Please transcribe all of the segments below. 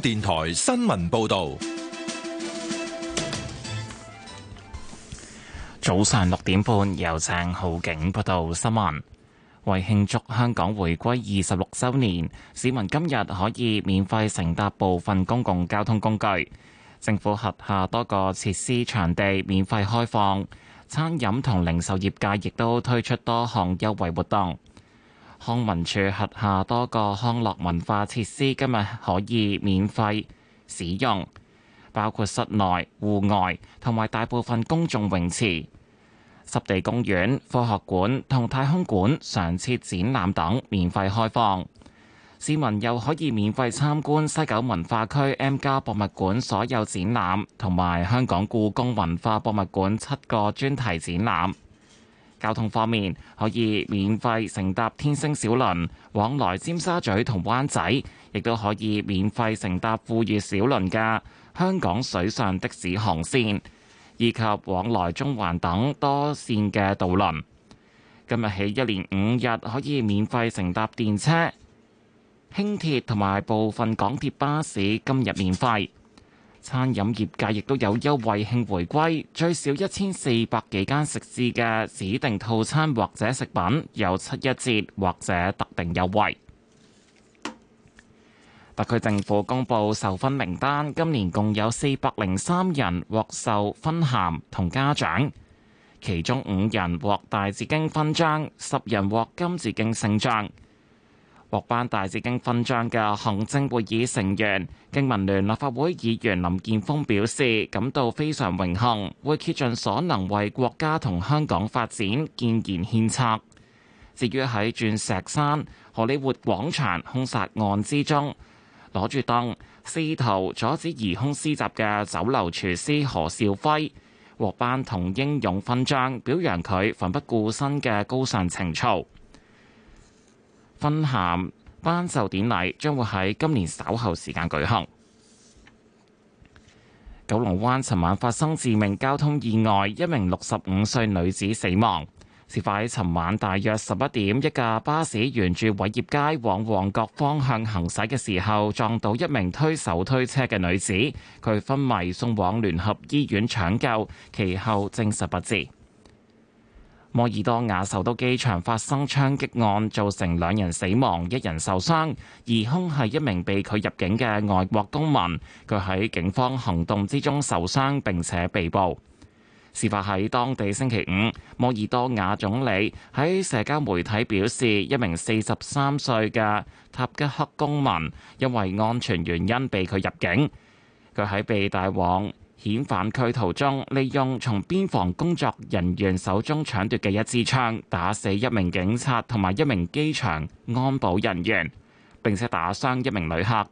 電台新聞報道：早上六點半，有請浩景報道新聞。為慶祝香港回歸二十六周年，市民今日可以免費乘搭部分公共交通工具。政府轄下多個設施場地免費開放，餐飲同零售業界亦都推出多項優惠活動。康文署轄下多個康樂文化設施，今日可以免費使用，包括室內戶外同埋大部分公眾泳池、濕地公園、科學館同太空館常設展覽等免費開放。市民又可以免費參觀西九文化區 M 加博物館所有展覽同埋香港故宮文化博物館七個專題展覽。交通方面，可以免費乘搭天星小輪往來尖沙咀同灣仔，亦都可以免費乘搭富裕小輪嘅香港水上的士航線，以及往來中環等多線嘅渡輪。今日起一連五日可以免費乘搭電車、輕鐵同埋部分港鐵巴士，今日免費。餐飲業界亦都有優惠慶回歸，最少一千四百幾間食肆嘅指定套餐或者食品有七一折或者特定優惠。特區政府公布授勳名單，今年共有四百零三人獲授勳銜同嘉獎，其中五人獲大紫荊勳章，十人獲金紫荊星章。獲頒大紫荊勳章嘅行政會議成員、經民聯立法會議員林健鋒表示，感到非常榮幸，會竭盡所能為國家同香港發展建言獻策。至於喺鑽石山、荷里活廣場凶殺案之中，攞住凳、試圖阻止疑凶施襲嘅酒樓廚師何少輝獲頒銅英勇勳章，表揚佢奮不顧身嘅高尚情操。分校頒授典禮將會喺今年稍後時間舉行。九龍灣尋晚發生致命交通意外，一名六十五歲女子死亡。事發喺尋晚大約十一點，一架巴士沿住偉業街往旺角方向行駛嘅時候，撞到一名推手推車嘅女子，佢昏迷送往聯合醫院搶救，其後證實不治。摩爾多瓦首都機場發生槍擊案，造成兩人死亡，一人受傷。疑兇係一名被拒入境嘅外國公民，佢喺警方行動之中受傷並且被捕。事發喺當地星期五，摩爾多瓦總理喺社交媒體表示，一名四十三歲嘅塔吉克公民因為安全原因被拒入境，佢喺被帶往遣返區途中，利用從邊防工作人員手中搶奪嘅一支槍，打死一名警察同埋一名機場安保人員，並且打傷一名旅客。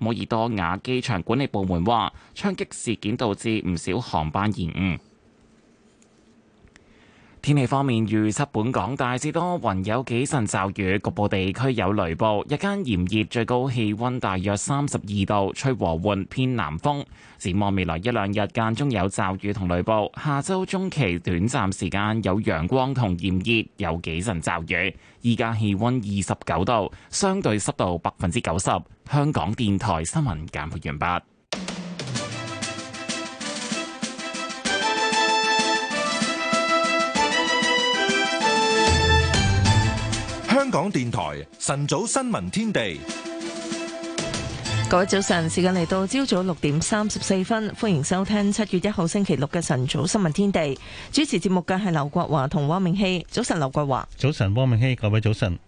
摩爾多瓦機場管理部門話，槍擊事件導致唔少航班延誤。天氣方面，預測本港大致多雲，有幾陣驟雨，局部地區有雷暴。日間炎熱，最高氣溫大約三十二度，吹和緩偏南風。展望未來一兩日間中有驟雨同雷暴，下周中期短暫時間有陽光同炎熱，有幾陣驟雨。而家氣溫二十九度，相對濕度百分之九十。香港電台新聞簡報完畢。香港電台晨早新聞天地，各位早晨，時間嚟到朝早六點三十四分，歡迎收聽七月一號星期六嘅晨早新聞天地。主持節目嘅係劉國華同汪明熙。早晨，劉國華，早晨，汪明熙，各位早晨。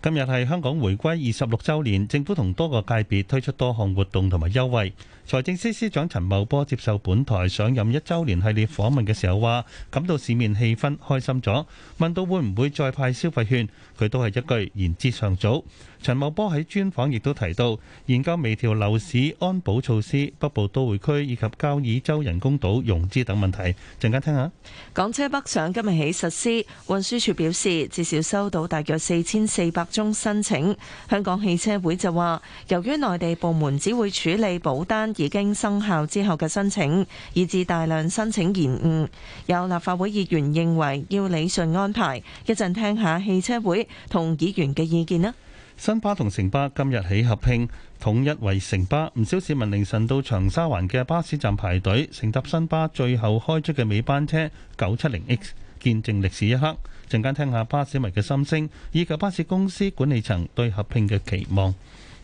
今日係香港回歸二十六周年，政府同多個界別推出多項活動同埋優惠。財政司司長陳茂波接受本台上任一週年系列訪問嘅時候話，感到市面氣氛開心咗。問到會唔會再派消費券，佢都係一句言之尚早。陳茂波喺專訪亦都提到，研究微調樓市安保措施、北部都會區以及交椅洲人工島融資等問題。陣間聽下，港車北上今日起實施，運輸署表示至少收到大約四千四百宗申請。香港汽車會就話，由於內地部門只會處理保單。已經生效之後嘅申請，以致大量申請延誤。有立法會議員認為要理順安排，一陣聽下汽車會同議員嘅意見啦。新巴同城巴今日起合併，統一為城巴。唔少市民凌晨到長沙灣嘅巴士站排隊，乘搭新巴最後開出嘅尾班車九七零 X，見證歷史一刻。陣間聽下巴士迷嘅心聲，以及巴士公司管理層對合併嘅期望。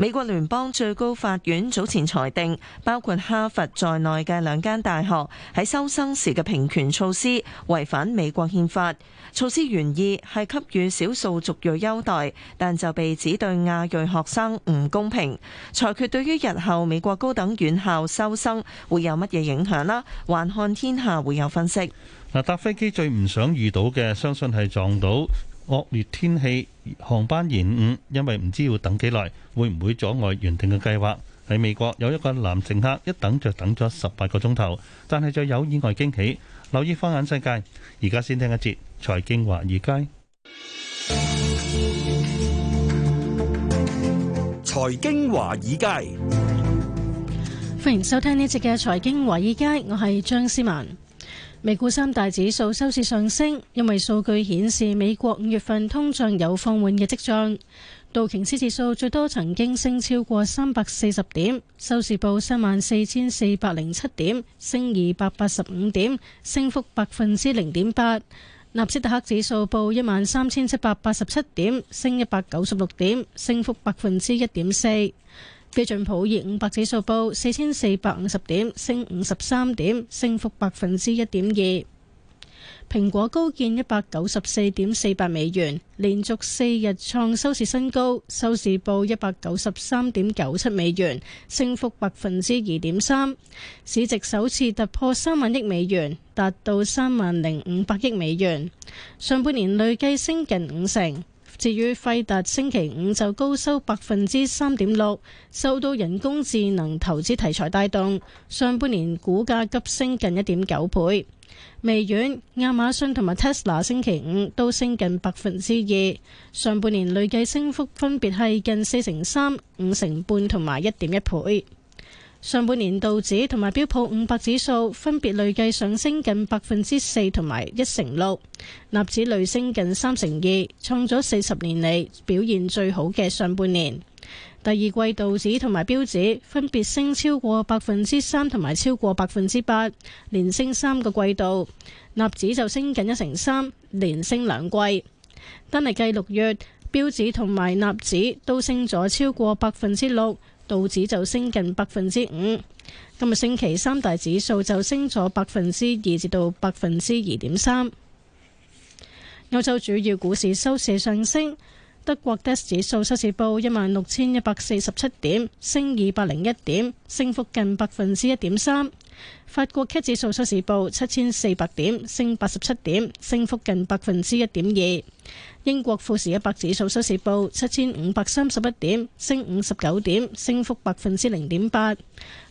美國聯邦最高法院早前裁定，包括哈佛在內嘅兩間大學喺收生時嘅平權措施違反美國憲法。措施原意係給予少數族裔優待，但就被指對亞裔學生唔公平。裁決對於日後美國高等院校收生會有乜嘢影響呢？還看天下會有分析。搭飛機最唔想遇到嘅，相信係撞到。惡劣天氣，航班延誤，因為唔知要等幾耐，會唔會阻礙原定嘅計劃？喺美國有一個男乘客，一等就等咗十八個鐘頭，但係就有意外驚喜。留意放眼世界，而家先聽一節財經華爾街。財經華爾街，歡迎收聽呢一節嘅財經華爾街，我係張思文。美股三大指數收市上升，因為數據顯示美國五月份通脹有放緩嘅跡象。道瓊斯指數最多曾經升超過三百四十點，收市報三萬四千四百零七點，升二百八十五點，升幅百分之零點八。納斯達克指數報一萬三千七百八十七點，升一百九十六點，升幅百分之一點四。標準普爾五百指數報四千四百五十點，升五十三點，升幅百分之一點二。蘋果高見一百九十四點四八美元，連續四日創收市新高，收市報一百九十三點九七美元，升幅百分之二點三，市值首次突破三萬億美元，達到三萬零五百億美元，上半年累計升近五成。至於費達，星期五就高收百分之三點六，受到人工智能投資題材帶動，上半年股價急升近一點九倍。微軟、亞馬遜同埋 Tesla 星期五都升近百分之二，上半年累計升幅分別係近四成三、五成半同埋一點一倍。上半年道指同埋標普五百指數分別累計上升近百分之四同埋一成六，納指累升近三成二，創咗四十年嚟表現最好嘅上半年。第二季道指同埋標指分別升超過百分之三同埋超過百分之八，連升三個季度，納指就升近一成三，連升兩季。單係計六月，標指同埋納指都升咗超過百分之六。道指就升近百分之五，今日星期三大指數就升咗百分之二至到百分之二點三。歐洲主要股市收市上升，德國 D 指數收市報一萬六千一百四十七點，升二百零一點，升幅近百分之一點三。法國 K 指數收市報七千四百點，升八十七點，升幅近百分之一點二。英國富時一百指數收市報七千五百三十一點，升五十九點，升幅百分之零點八。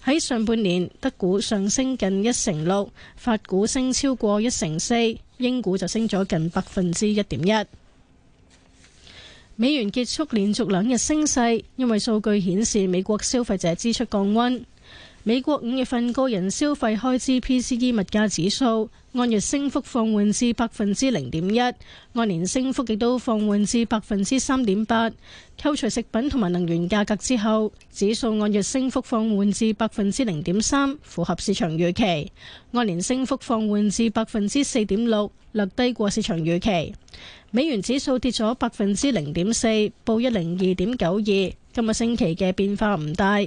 喺上半年，德股上升近一成六，法股升超過一成四，英股就升咗近百分之一點一。美元結束連續兩日升勢，因為數據顯示美國消費者支出降溫。美國五月份個人消費開支 PCE 物價指數按月升幅放緩至百分之零點一，按年升幅亦都放緩至百分之三點八。扣除食品同埋能源價格之後，指數按月升幅放緩至百分之零點三，符合市場預期。按年升幅放緩至百分之四點六，略低過市場預期。美元指數跌咗百分之零點四，報一零二點九二。今個星期嘅變化唔大，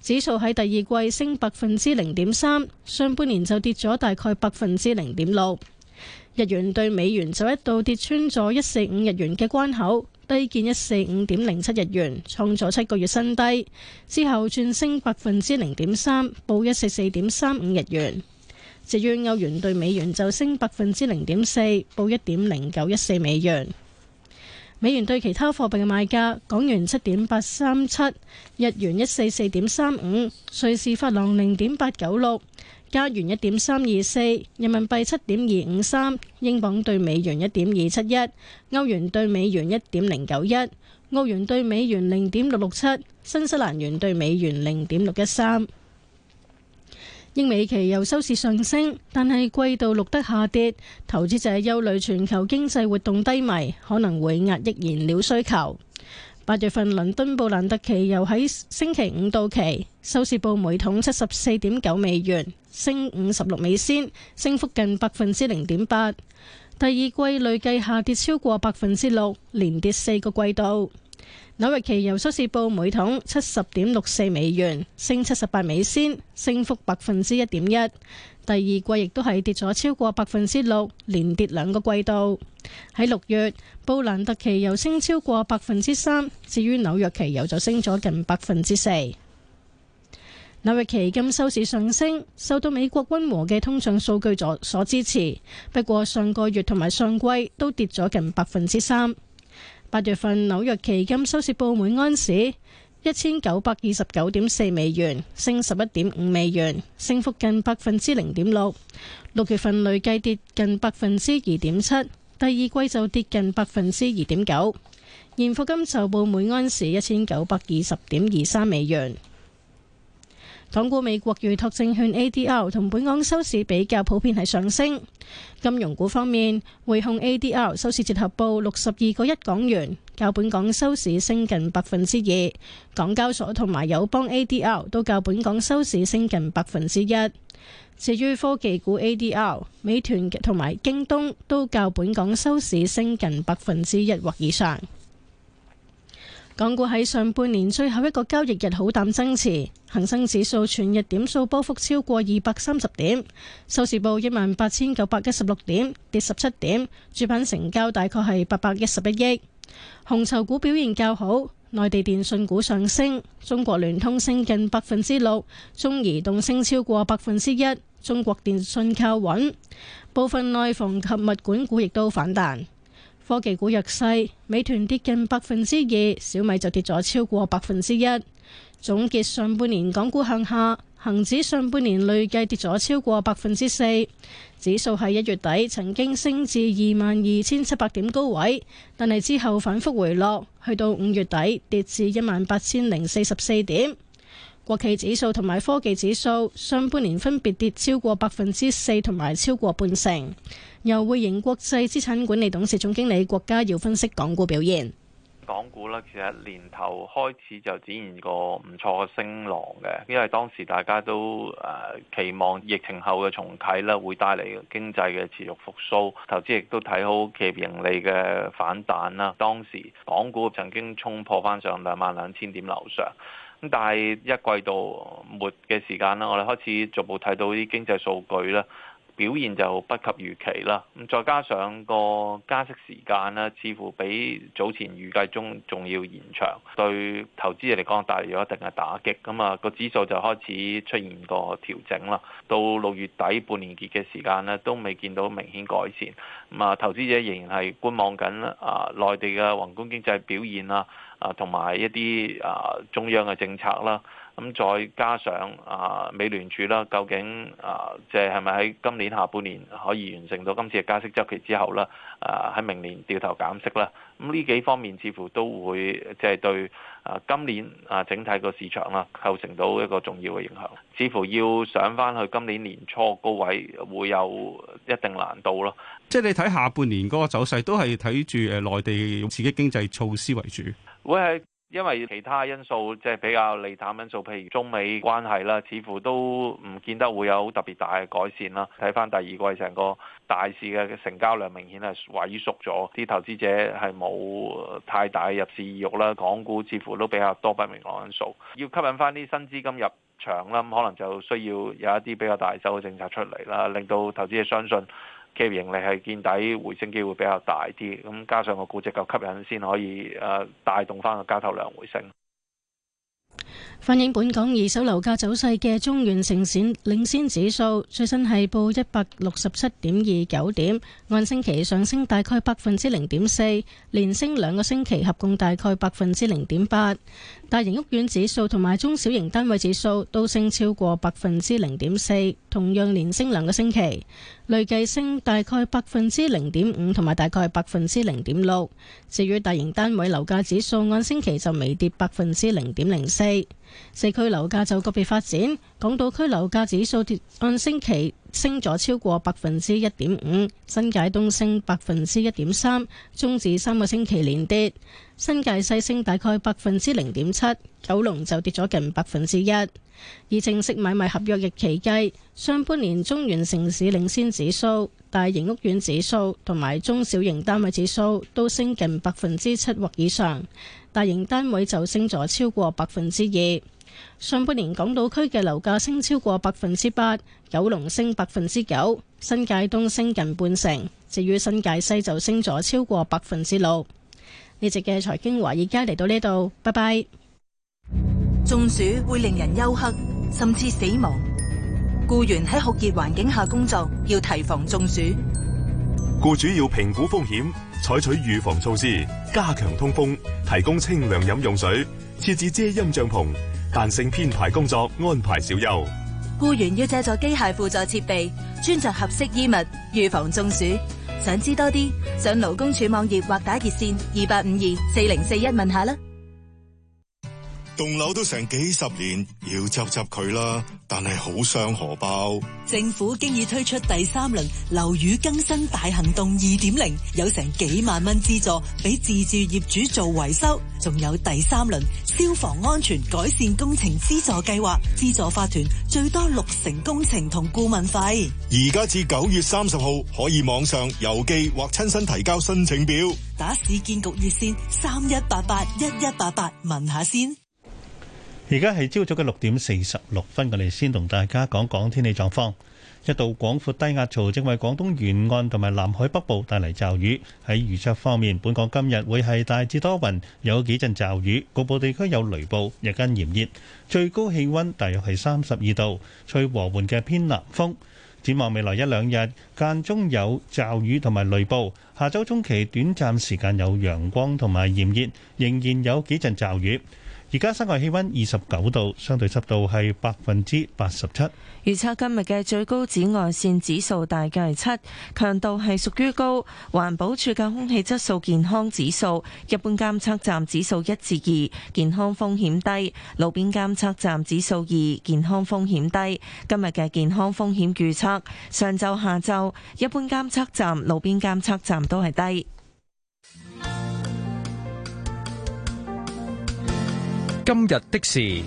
指數喺第二季升百分之零點三，上半年就跌咗大概百分之零點六。日元兌美元就一度跌穿咗一四五日元嘅關口，低見一四五點零七日元，創咗七個月新低，之後轉升百分之零點三，報一四四點三五日元。至於歐元兌美元就升百分之零點四，報一點零九一四美元。美元對其他貨幣嘅賣價：港元七點八三七，日元一四四點三五，瑞士法郎零點八九六，加元一點三二四，人民幣七點二五三，英鎊對美元一點二七一，歐元對美元一點零九一，澳元對美元零點六六七，新西蘭元對美元零點六一三。英美期油收市上升，但係季度錄得下跌。投資者憂慮全球經濟活動低迷，可能會壓抑燃料需求。八月份倫敦布蘭特期油喺星期五到期，收市報每桶七十四點九美元，升五十六美仙，升幅近百分之零點八。第二季累計下跌超過百分之六，連跌四個季度。紐約期油收市報每桶七十點六四美元，升七十八美仙，升幅百分之一點一。第二季亦都係跌咗超過百分之六，連跌兩個季度。喺六月，布蘭特期油升超過百分之三，至於紐約期油就升咗近百分之四。紐約期金收市上升，受到美國溫和嘅通脹數據所所支持。不過上個月同埋上季都跌咗近百分之三。八月份紐約期金收市報每安士一千九百二十九點四美元，升十一點五美元，升幅近百分之零點六。六月份累計跌近百分之二點七，第二季就跌近百分之二點九。現貨金就報每安士一千九百二十點二三美元。港股美國預託證券 ADR 同本港收市比較普遍係上升。金融股方面，匯控 ADR 收市折合報六十二個一港元，較本港收市升近百分之二。港交所同埋友邦 ADR 都較本港收市升近百分之一。至於科技股 ADR，美團同埋京東都較本港收市升近百分之一或以上。港股喺上半年最後一個交易日好淡爭持，恒生指數全日點數波幅超過二百三十點，收市報一萬八千九百一十六點，跌十七點，主板成交大概係八百一十一億。紅籌股表現較好，內地電信股上升，中國聯通升近百分之六，中移動升超過百分之一，中國電信靠穩，部分內房及物管股亦都反彈。科技股弱勢，美團跌近百分之二，小米就跌咗超過百分之一。總結上半年港股向下，恒指上半年累計跌咗超過百分之四。指數喺一月底曾經升至二萬二千七百點高位，但係之後反復回落，去到五月底跌至一萬八千零四十四點。國企指數同埋科技指數上半年分別跌超過百分之四同埋超過半成。由匯盈國際資產管理董事總經理郭家耀分析港股表現。港股啦，其實年頭開始就展現過唔錯嘅升浪嘅，因為當時大家都誒、呃、期望疫情後嘅重啟啦，會帶嚟經濟嘅持續復蘇，投資亦都睇好企業盈利嘅反彈啦。當時港股曾經衝破翻上兩萬兩千點樓上，咁但係一季度末嘅時間啦，我哋開始逐步睇到啲經濟數據啦。表現就不及預期啦，咁再加上個加息時間呢，似乎比早前預計中仲要延長，對投資者嚟講帶嚟咗一定嘅打擊，咁啊個指數就開始出現個調整啦。到六月底半年結嘅時間呢，都未見到明顯改善，咁啊投資者仍然係觀望緊啊內地嘅宏觀經濟表現啊，啊同埋一啲啊中央嘅政策啦。咁再加上啊，美聯儲啦，究竟啊，即係係咪喺今年下半年可以完成到今次嘅加息周期之後咧？啊，喺明年掉頭減息啦。咁呢幾方面似乎都會即係對啊，今年啊，整體個市場啦構成到一個重要嘅影響，似乎要上翻去今年年初高位會有一定難度咯。即係你睇下半年嗰個走勢都係睇住誒內地用刺激經濟措施為主，會係。因為其他因素即係比較利淡因素，譬如中美關係啦，似乎都唔見得會有特別大嘅改善啦。睇翻第二季成個大市嘅成交量明顯係萎縮咗，啲投資者係冇太大入市意欲啦。港股似乎都比較多不明朗因素，要吸引翻啲新資金入場啦。咁可能就需要有一啲比較大手嘅政策出嚟啦，令到投資者相信。企業盈利係見底回升機會比較大啲，咁加上個估值夠吸引，先可以誒帶動返個交投量回升。反映本港二手樓價走勢嘅中原城市領先指數最新係報一百六十七點二九點，按星期上升大概百分之零點四，連升兩個星期合共大概百分之零點八。大型屋苑指數同埋中小型單位指數都升超過百分之零點四，同樣連升兩個星期，累計升大概百分之零點五同埋大概百分之零點六。至於大型單位樓價指數，按星期就微跌百分之零點零四。四區樓價就個別發展，港島區樓價指數按星期升咗超過百分之一點五，新界東升百分之一點三，終止三個星期連跌；新界西升大概百分之零點七，九龍就跌咗近百分之一。以正式買賣合約日期計，上半年中原城市領先指數、大型屋苑指數同埋中小型單位指數都升近百分之七或以上。大型單位就升咗超過百分之二，上半年港島區嘅樓價升超過百分之八，九龍升百分之九，新界東升近半成，至於新界西就升咗超過百分之六。呢集嘅財經華爾街，而家嚟到呢度，拜拜。中暑會令人休克，甚至死亡。僱員喺酷熱環境下工作，要提防中暑。僱主要評估風險。採取預防措施，加強通風，提供清涼飲用水，設置遮陰帳篷，彈性編排工作，安排小休。雇員要借助機械輔助設備，穿着合適衣物，預防中暑。想知多啲，上勞工處網頁或打熱線二八五二四零四一問下啦。棟樓都成幾十年，要執執佢啦，但係好傷荷包。政府經已推出第三輪樓宇更新大行動二點零，有成幾萬蚊資助俾自住業主做維修，仲有第三輪消防安全改善工程資助計劃，資助法團最多六成工程同顧問費。而家至九月三十號可以網上、郵寄或親身提交申請表，打市建局熱線三一八八一一八八問下先。而家係朝早嘅六點四十六分，我哋先同大家講講天氣狀況。一道廣闊低壓槽正為廣東沿岸同埋南海北部帶嚟驟雨。喺預測方面，本港今日會係大致多雲，有幾陣驟雨，局部地區有雷暴，日間炎熱，最高氣温大約係三十二度，吹和緩嘅偏南風。展望未來一兩日，間中有驟雨同埋雷暴，下周中期短暫時間有陽光同埋炎熱，仍然有幾陣驟雨。而家室外氣溫二十九度，相對濕度係百分之八十七。預測今日嘅最高紫外綫指數大概係七，強度係屬於高。環保署嘅空氣質素健康指數，一般監測站指數一至二，健康風險低；路邊監測站指數二，健康風險低。今日嘅健康風險預測，上晝下晝一般監測站、路邊監測站都係低。今日的事，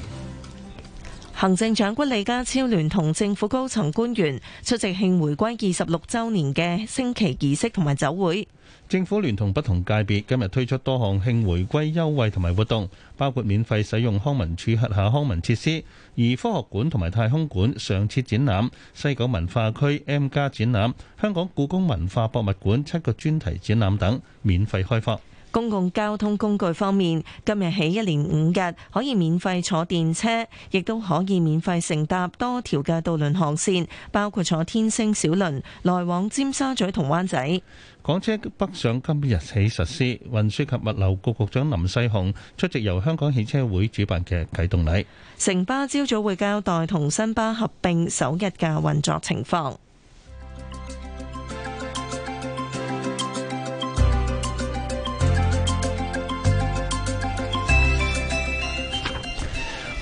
行政長官李家超聯同政府高層官員出席慶回歸二十六周年嘅升旗儀式同埋酒會。政府聯同不同界別今日推出多項慶回歸優惠同埋活動，包括免費使用康文署轄下康文設施，而科學館同埋太空館上設展覽，西九文化區 M+ 展覽，香港故宮文化博物館七個專題展覽等免費開放。公共交通工具方面，今日起一連五日可以免費坐電車，亦都可以免費乘搭多條嘅渡輪航線，包括坐天星小輪來往尖沙咀同灣仔。港車北上今日起實施，運輸及物流局局長林世雄出席由香港汽車會主辦嘅啟動禮。城巴朝早會交代同新巴合併首日嘅運作情況。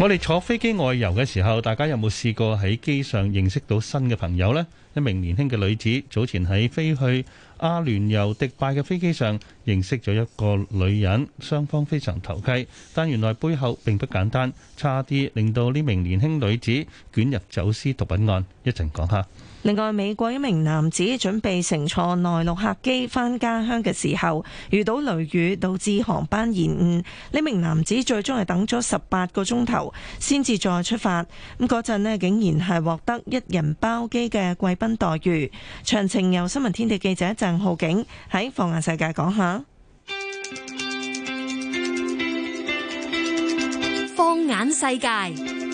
我哋坐飛機外遊嘅時候，大家有冇試過喺機上認識到新嘅朋友呢？一名年輕嘅女子早前喺飛去阿聯酋迪拜嘅飛機上認識咗一個女人，雙方非常投契，但原來背後並不簡單，差啲令到呢名年輕女子捲入走私毒品案，一陣講下。另外，美國一名男子準備乘坐內陸客機返家鄉嘅時候，遇到雷雨導致航班延誤。呢名男子最終係等咗十八個鐘頭，先至再出發。咁嗰陣呢，竟然係獲得一人包機嘅貴賓待遇。詳情由新聞天地記者鄭浩景喺放眼世界講下。放眼世界。說說。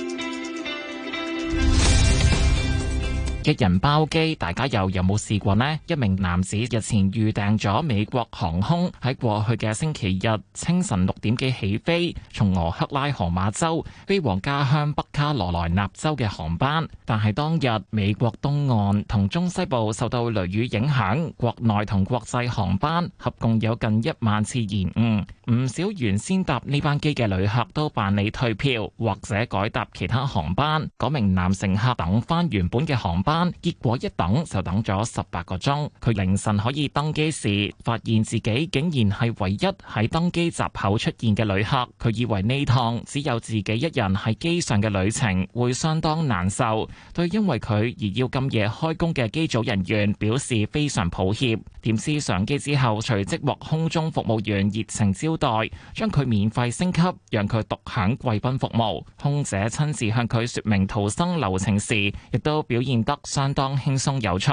一人包機，大家又有冇試過呢？一名男子日前預訂咗美國航空喺過去嘅星期日清晨六點幾起飛，從俄克拉荷馬州飛往家鄉北卡羅來納州嘅航班，但係當日美國東岸同中西部受到雷雨影響，國內同國際航班合共有近一萬次延誤。唔少原先搭呢班機嘅旅客都辦理退票或者改搭其他航班。嗰名男乘客等翻原本嘅航班，結果一等就等咗十八個鐘。佢凌晨可以登機時，發現自己竟然係唯一喺登機閘口出現嘅旅客。佢以為呢趟只有自己一人喺機上嘅旅程會相當難受，對因為佢而要咁夜開工嘅機組人員表示非常抱歉。點知上機之後，隨即獲空中服務員熱情招代將佢免費升級，讓佢獨享貴賓服務。空姐親自向佢說明逃生流程時，亦都表現得相當輕鬆有趣。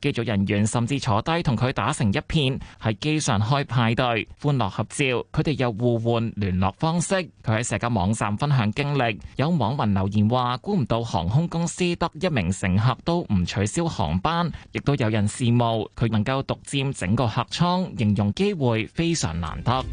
機組人員甚至坐低同佢打成一片，喺機上開派對、歡樂合照，佢哋又互換聯絡方式。佢喺社交網站分享經歷，有網民留言話：「估唔到航空公司得一名乘客都唔取消航班，亦都有人羨慕佢能夠獨佔整個客艙，形容機會非常難得。」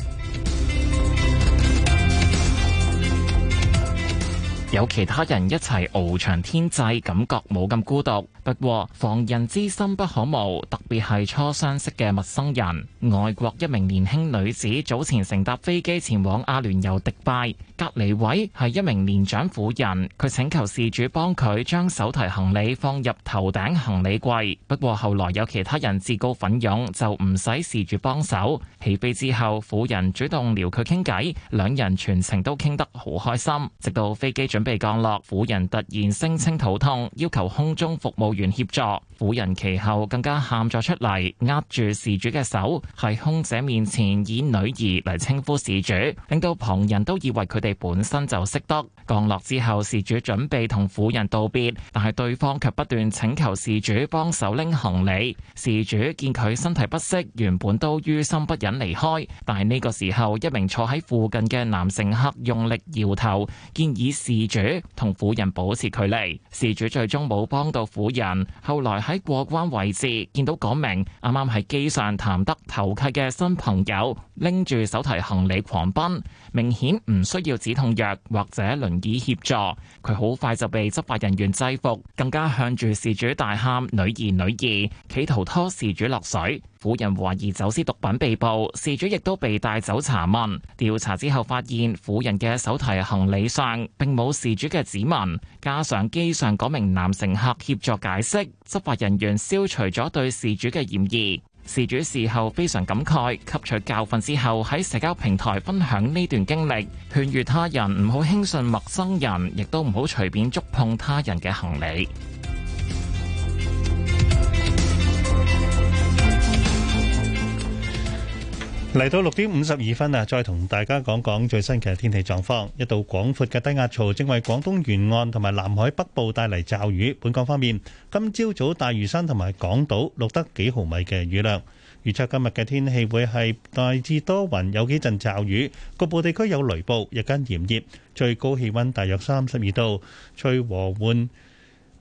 有其他人一齊翱翔天際，感覺冇咁孤獨。不過防人之心不可無，特別係初相識嘅陌生人。外國一名年輕女子早前乘搭飛機前往阿聯酋迪拜，隔離位係一名年長婦人，佢請求事主幫佢將手提行李放入頭頂行李櫃。不過後來有其他人自告奮勇，就唔使事主幫手。起飛之後，婦人主動撩佢傾偈，兩人全程都傾得好開心。直到飛機準。備降落，婦人突然聲稱肚痛，要求空中服務員協助。婦人其後更加喊咗出嚟，握住事主嘅手，喺空姐面前以女兒嚟稱呼事主，令到旁人都以為佢哋本身就識得。降落之後，事主準備同婦人道別，但係對方卻不斷請求事主幫手拎行李。事主見佢身體不適，原本都於心不忍離開，但係呢個時候，一名坐喺附近嘅男乘客用力搖頭，建議事。主同婦人保持距離，事主最終冇幫到婦人。後來喺過關位置見到嗰名啱啱喺機上談得投契嘅新朋友，拎住手提行李狂奔。明顯唔需要止痛藥或者輪椅協助，佢好快就被執法人員制服，更加向住事主大喊：「女兒，女兒！」企圖拖事主落水。婦人懷疑走私毒品被捕，事主亦都被帶走查問。調查之後發現婦人嘅手提行李上並冇事主嘅指紋，加上機上嗰名男乘客協助解釋，執法人員消除咗對事主嘅嫌疑。事主事後非常感慨，吸取教訓之後喺社交平台分享呢段經歷，勸喻他人唔好輕信陌生人，亦都唔好隨便觸碰他人嘅行李。嚟到六點五十二分啊，再同大家講講最新嘅天氣狀況。一道廣闊嘅低壓槽正為廣東沿岸同埋南海北部帶嚟驟雨。本港方面，今朝早大嶼山同埋港島錄得幾毫米嘅雨量。預測今日嘅天氣會係大致多雲，有幾陣驟雨，局部地區有雷暴，日間炎熱，最高氣温大約三十二度，吹和緩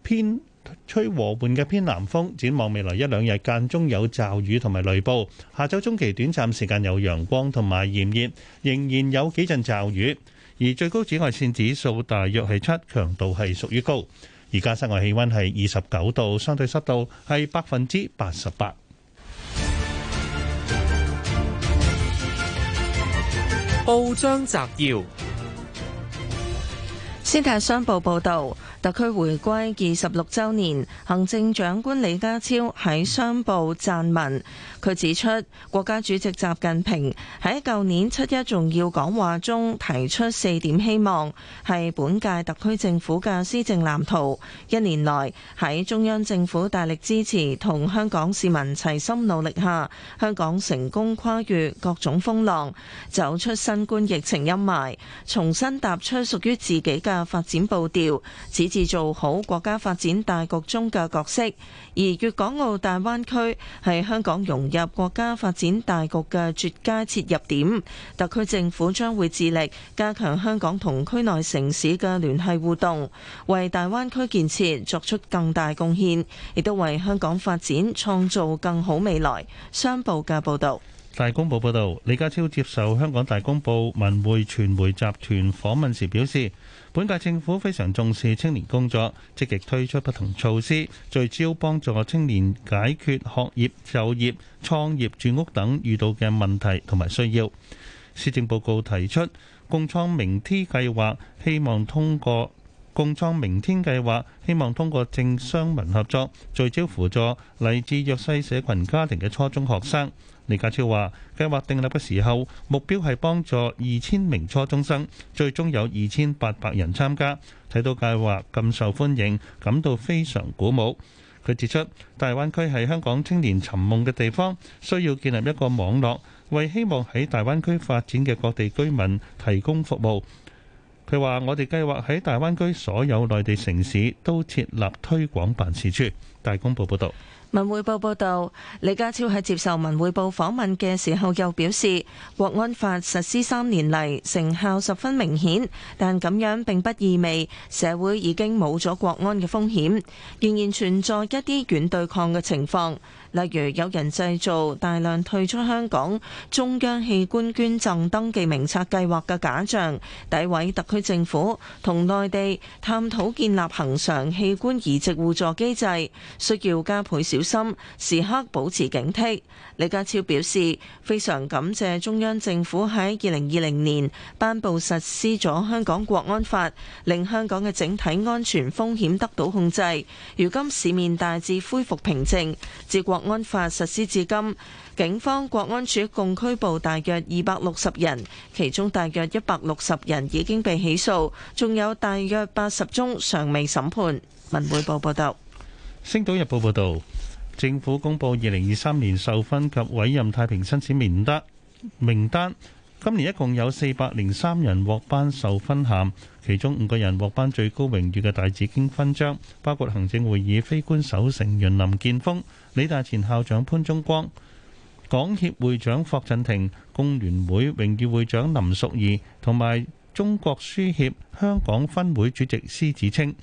偏。吹和緩嘅偏南風，展望未來一兩日間中有驟雨同埋雷暴，下周中期短暫時間有陽光同埋炎熱，仍然有幾陣驟雨，而最高紫外線指數大約係七，強度係屬於高。而家室外氣溫係二十九度，相對濕度係百分之八十八，報章摘要。《先睇商報》報導，特區回歸二十六週年，行政長官李家超喺商報撰文。佢指出，國家主席習近平喺舊年七一重要講話中提出四點希望，係本屆特區政府嘅施政藍圖。一年來，喺中央政府大力支持同香港市民齊心努力下，香港成功跨越各種風浪，走出新冠疫情陰霾，重新踏出屬於自己嘅嘅發展步調，只至做好國家發展大局中嘅角色。而粵港澳大灣區係香港融入國家發展大局嘅絕佳切入點。特區政府將會致力加強香港同區內城市嘅聯繫互動，為大灣區建設作出更大貢獻，亦都為香港發展創造更好未來。商報嘅報導。《大公報》報道，李家超接受香港《大公報》文匯傳媒集團訪問時表示。本屆政府非常重視青年工作，積極推出不同措施，聚焦幫助青年解決學業、就業、創業、住屋等遇到嘅問題同埋需要。施政報告提出共創明天計劃，希望通過共創明天計劃，希望通過政商民合作，聚焦輔助嚟自弱勢社群家庭嘅初中學生。李家超話：計劃訂立嘅時候，目標係幫助二千名初中生，最終有二千八百人參加。睇到計劃咁受歡迎，感到非常鼓舞。佢指出，大灣區係香港青年尋夢嘅地方，需要建立一個網絡，為希望喺大灣區發展嘅各地居民提供服務。佢話：我哋計劃喺大灣區所有內地城市都設立推廣辦事處。大公報報導。文匯報報道，李家超喺接受文匯報訪問嘅時候又表示，國安法實施三年嚟，成效十分明顯，但咁樣並不意味社會已經冇咗國安嘅風險，仍然存在一啲軟對抗嘅情況，例如有人製造大量退出香港中央器官捐贈登記名冊計劃嘅假象，詆毀特區政府同內地探討建立恆常器官移植互助，助機制，需要加倍小小心，時刻保持警惕。李家超表示，非常感謝中央政府喺二零二零年頒布實施咗香港國安法，令香港嘅整體安全風險得到控制。如今市面大致恢復平靜。自國安法實施至今，警方國安處共拘捕大約二百六十人，其中大約一百六十人已經被起訴，仲有大約八十宗尚未審判。文匯報報導。《星島日報》報導。政府公布二零二三年授勳及委任太平紳士名單，名單今年一共有四百零三人獲頒授勳銜，其中五個人獲頒最高榮譽嘅大紫荊勳章，包括行政會議非官守成員林健鋒、李大前校長潘宗光、港協會長霍震霆、工聯會榮譽會長林淑儀，同埋中國書協香港分會主席施子清。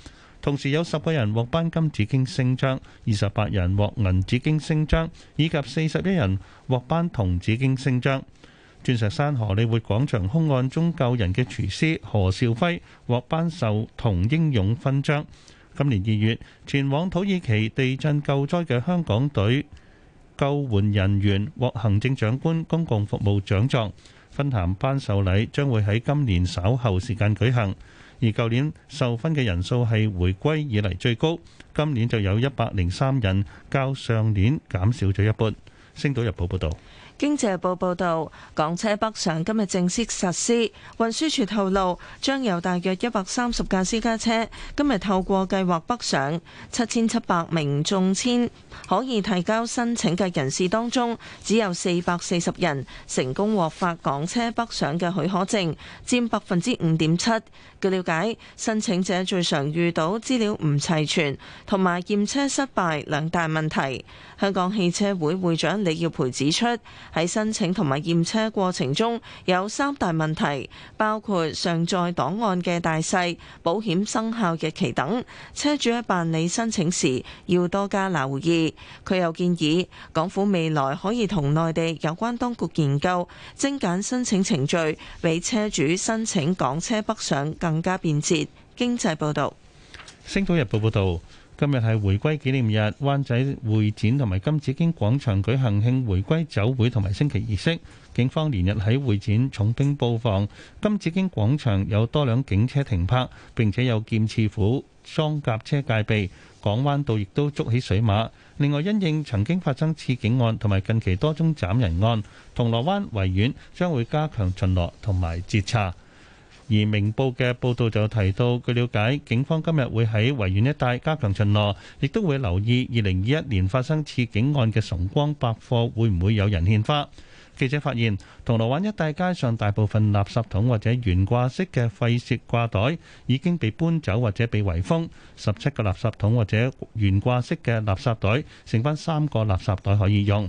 同時有十個人獲頒金紫荊星章，二十八人獲銀紫荊星章，以及四十一人獲頒銅紫荊星章。鑽石山荷里活廣場凶案中救人嘅廚師何兆輝獲頒授銅英勇勳章。今年二月前往土耳其地震救災嘅香港隊救援人員獲行政長官公共服務獎狀。勳銜頒授禮將會喺今年稍後時間舉行。而舊年受勳嘅人數係回歸以嚟最高，今年就有一百零三人，較上年減少咗一半。星島日報報道。經濟日報報道，港車北上今日正式實施。運輸署透露，將有大約一百三十架私家車今日透過計劃北上，七千七百名中籤可以提交申請嘅人士當中，只有四百四十人成功獲發港車北上嘅許可證，佔百分之五點七。據了解，申請者最常遇到資料唔齊全同埋驗車失敗兩大問題。香港汽車會會長李耀培指出，喺申請同埋驗車過程中有三大問題，包括上載檔案嘅大細、保險生效日期等。車主喺辦理申請時要多加留意。佢又建議，港府未來可以同內地有關當局研究精簡申請程序，俾車主申請港車北上。更加便捷。經濟報導，《星島日報》報導，今日係回歸紀念日，灣仔會展同埋金紫荊廣場舉行慶回歸酒會同埋升旗儀式。警方連日喺會展重兵布防，金紫荊廣場有多輛警車停泊，並且有劍刺虎裝甲車戒備。港灣道亦都捉起水馬。另外，因應曾經發生刺警案同埋近期多宗斬人案，銅鑼灣維園將會加強巡邏同埋截查。而明報嘅報導就提到，據了解，警方今日會喺維園一帶加強巡邏，亦都會留意二零二一年發生刺警案嘅崇光百貨會唔會有人獻花。記者發現，銅鑼灣一帶街上大部分垃圾桶或者懸掛式嘅廢屑掛袋已經被搬走或者被圍封，十七個垃圾桶或者懸掛式嘅垃圾袋剩返三個垃圾袋可以用。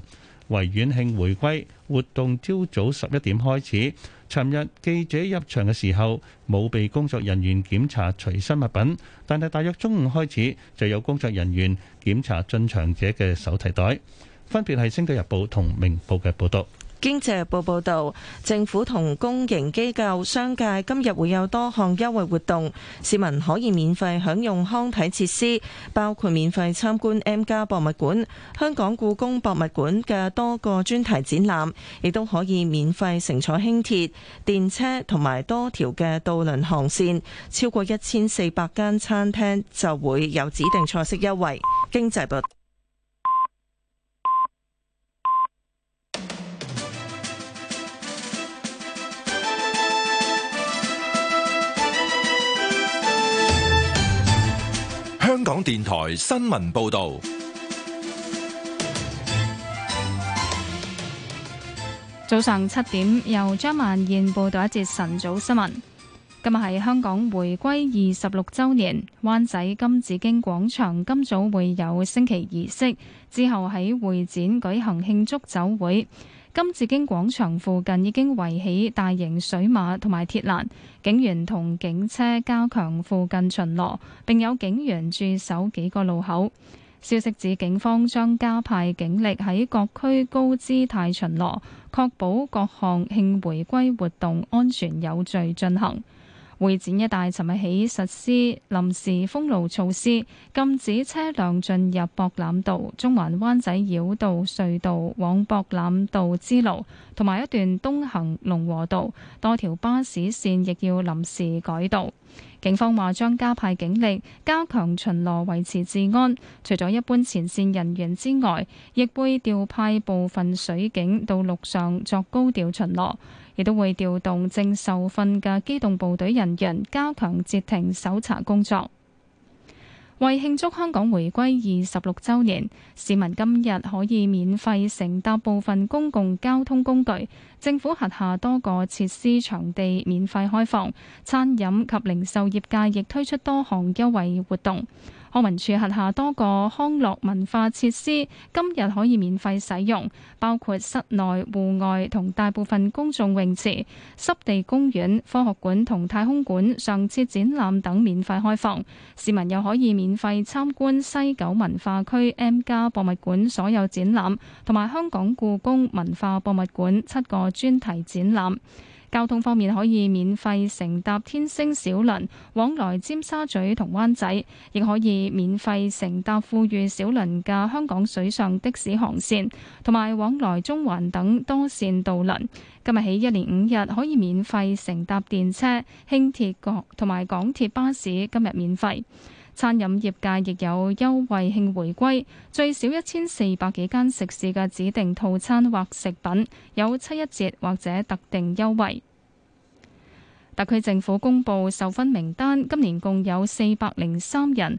維園慶回歸活動朝早十一點開始。尋日記者入場嘅時候，冇被工作人員檢查隨身物品，但係大約中午開始就有工作人員檢查進場者嘅手提袋，分別係《星島日報》同《明報》嘅報導。經濟日報報道，政府同公營機構、商界今日會有多項優惠活動，市民可以免費享用康體設施，包括免費參觀 M+ 博物館、香港故宮博物館嘅多個專題展覽，亦都可以免費乘坐輕鐵、電車同埋多條嘅渡輪航線。超過一千四百間餐廳就會有指定菜式優惠。經濟部報。香港電台新聞報道，早上七點由張曼燕報道一節晨早新聞。今日係香港回歸二十六週年，灣仔金紫荊廣場今早會有升旗儀式，之後喺會展舉行慶祝酒會。金紫荊廣場附近已經圍起大型水馬同埋鐵欄，警員同警車加強附近巡邏，並有警員駐守幾個路口。消息指警方將加派警力喺各區高姿態巡邏，確保各項慶回歸活動安全有序進行。會展一帶尋日起實施臨時封路措施，禁止車輛進入博覽道、中環灣仔繞道隧道往博覽道之路，同埋一段東行龍和道。多條巴士線亦要臨時改道。警方話將加派警力，加強巡邏維持治安。除咗一般前線人員之外，亦會調派部分水警到陸上作高調巡邏。亦都會調動正受訓嘅機動部隊人員，加強截停搜查工作。為慶祝香港回歸二十六週年，市民今日可以免費乘搭部分公共交通工具。政府轄下多個設施場地免費開放，餐飲及零售業界亦推出多項優惠活動。康文署轄下多個康樂文化設施今日可以免費使用，包括室內、戶外同大部分公眾泳池、濕地公園、科學館同太空館上次展覽等免費開放。市民又可以免費參觀西九文化區 M+ 博物館所有展覽，同埋香港故宮文化博物館七個專題展覽。交通方面，可以免費乘搭天星小輪往來尖沙咀同灣仔，亦可以免費乘搭富裕小輪嘅香港水上的士航線，同埋往來中環等多線渡輪，今日起一連五日可以免費乘搭電車輕鐵同埋港鐵巴士，今日免費。餐飲業界亦有優惠慶回歸，最少一千四百幾間食肆嘅指定套餐或食品有七一折或者特定優惠。特區政府公布授勳名單，今年共有四百零三人。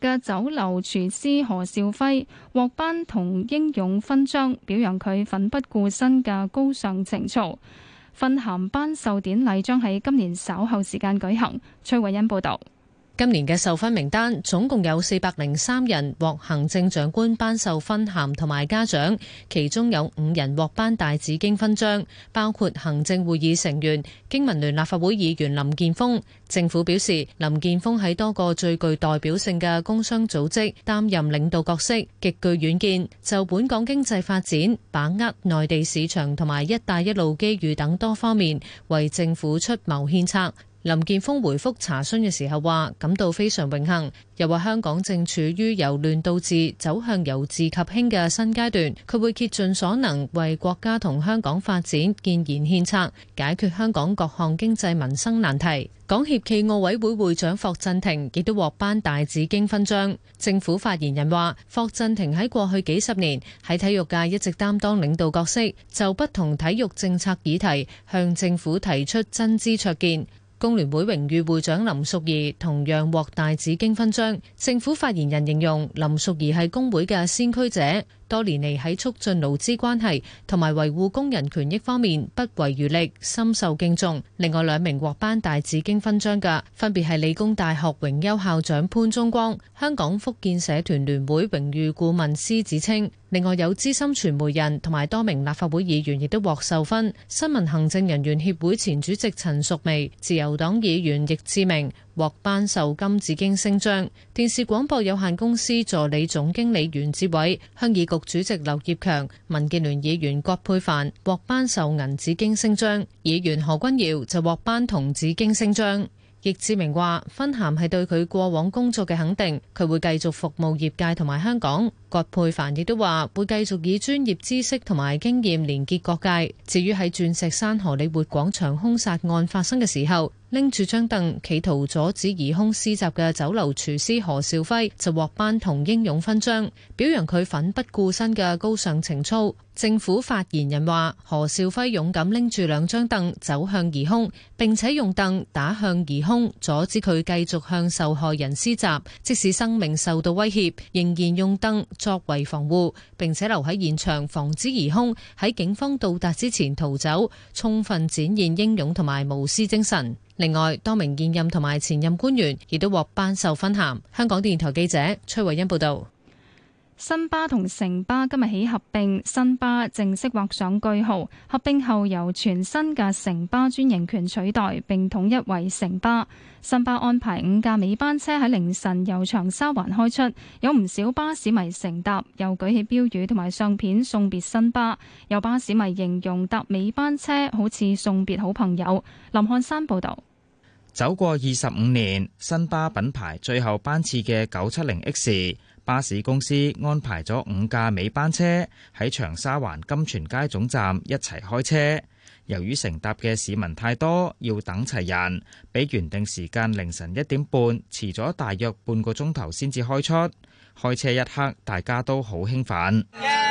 嘅酒樓廚師何少輝獲頒銅英勇勳章，表揚佢奮不顧身嘅高尚情操。勳銜頒授典禮將喺今年稍後時間舉行。崔偉恩報導。今年嘅授勳名單總共有四百零三人獲行政長官頒授勳銜同埋嘉獎，其中有五人獲頒大紫荊勳章，包括行政會議成員、經民聯立法會議員林建峰。政府表示，林建峰喺多個最具代表性嘅工商組織擔任領導角色，極具遠見，就本港經濟發展、把握內地市場同埋“一帶一路”機遇等多方面為政府出謀獻策。林健鋒回覆查詢嘅時候話，感到非常榮幸，又話香港正處於由亂到治走向由治及興嘅新階段，佢會竭盡所能為國家同香港發展建言獻策，解決香港各項經濟民生難題。港協暨奧委會會長霍震霆亦都獲頒大紫荊勳章。政府發言人話，霍震霆喺過去幾十年喺體育界一直擔當領導角色，就不同體育政策議題向政府提出真知灼見。工聯會榮譽會長林淑儀同樣獲大紫荊勳章。政府發言人形容林淑儀係工會嘅先驅者，多年嚟喺促進勞資關係同埋維護工人權益方面不遺餘力，深受敬重。另外兩名獲頒大紫荊勳章嘅，分別係理工大學榮休校長潘忠光、香港福建社團聯會榮譽顧問施子清。另外有資深傳媒人同埋多名立法會議員亦都獲授勳，新聞行政人員協會前主席陳淑薇、自由黨議員易志明。獲頒授金紫荊星章，電視廣播有限公司助理總經理袁志偉、鄉議局主席劉業強、民建聯議員葛珮帆獲頒授銀紫荊星章，議員何君堯就獲頒銅紫荊星章。易志明話，分咸係對佢過往工作嘅肯定，佢會繼續服務業界同埋香港。葛珮帆亦都話會繼續以專業知識同埋經驗連結各界。至於喺鑽石山荷里活廣場兇殺案發生嘅時候，拎住張凳，企圖阻止疑兇施襲嘅酒樓廚師何少輝就獲頒銅英勇勳章，表揚佢奮不顧身嘅高尚情操。政府發言人話：何少輝勇敢拎住兩張凳走向疑兇，並且用凳打向疑兇，阻止佢繼續向受害人施襲，即使生命受到威脅，仍然用凳作為防護，並且留喺現場防止疑兇喺警方到達之前逃走，充分展現英勇同埋無私精神。另外，多名現任同埋前任官員亦都獲頒授勳銜，香港電台記者崔慧欣報道：新巴同城巴今日起合併，新巴正式畫上句號，合併後由全新嘅城巴專營權取代，並統一為城巴。新巴安排五架尾班車喺凌晨由長沙灣開出，有唔少巴士迷乘搭，又舉起標語同埋相片送別新巴。有巴士迷形容搭尾班車好似送別好朋友。林漢山報道。走過二十五年，新巴品牌最後班次嘅九七零 X，巴士公司安排咗五架尾班車喺長沙灣金泉街總站一齊開車。由於乘搭嘅市民太多，要等齊人，比原定時間凌晨一點半遲咗大約半個鐘頭先至開出。開車一刻，大家都好興奮。Yeah!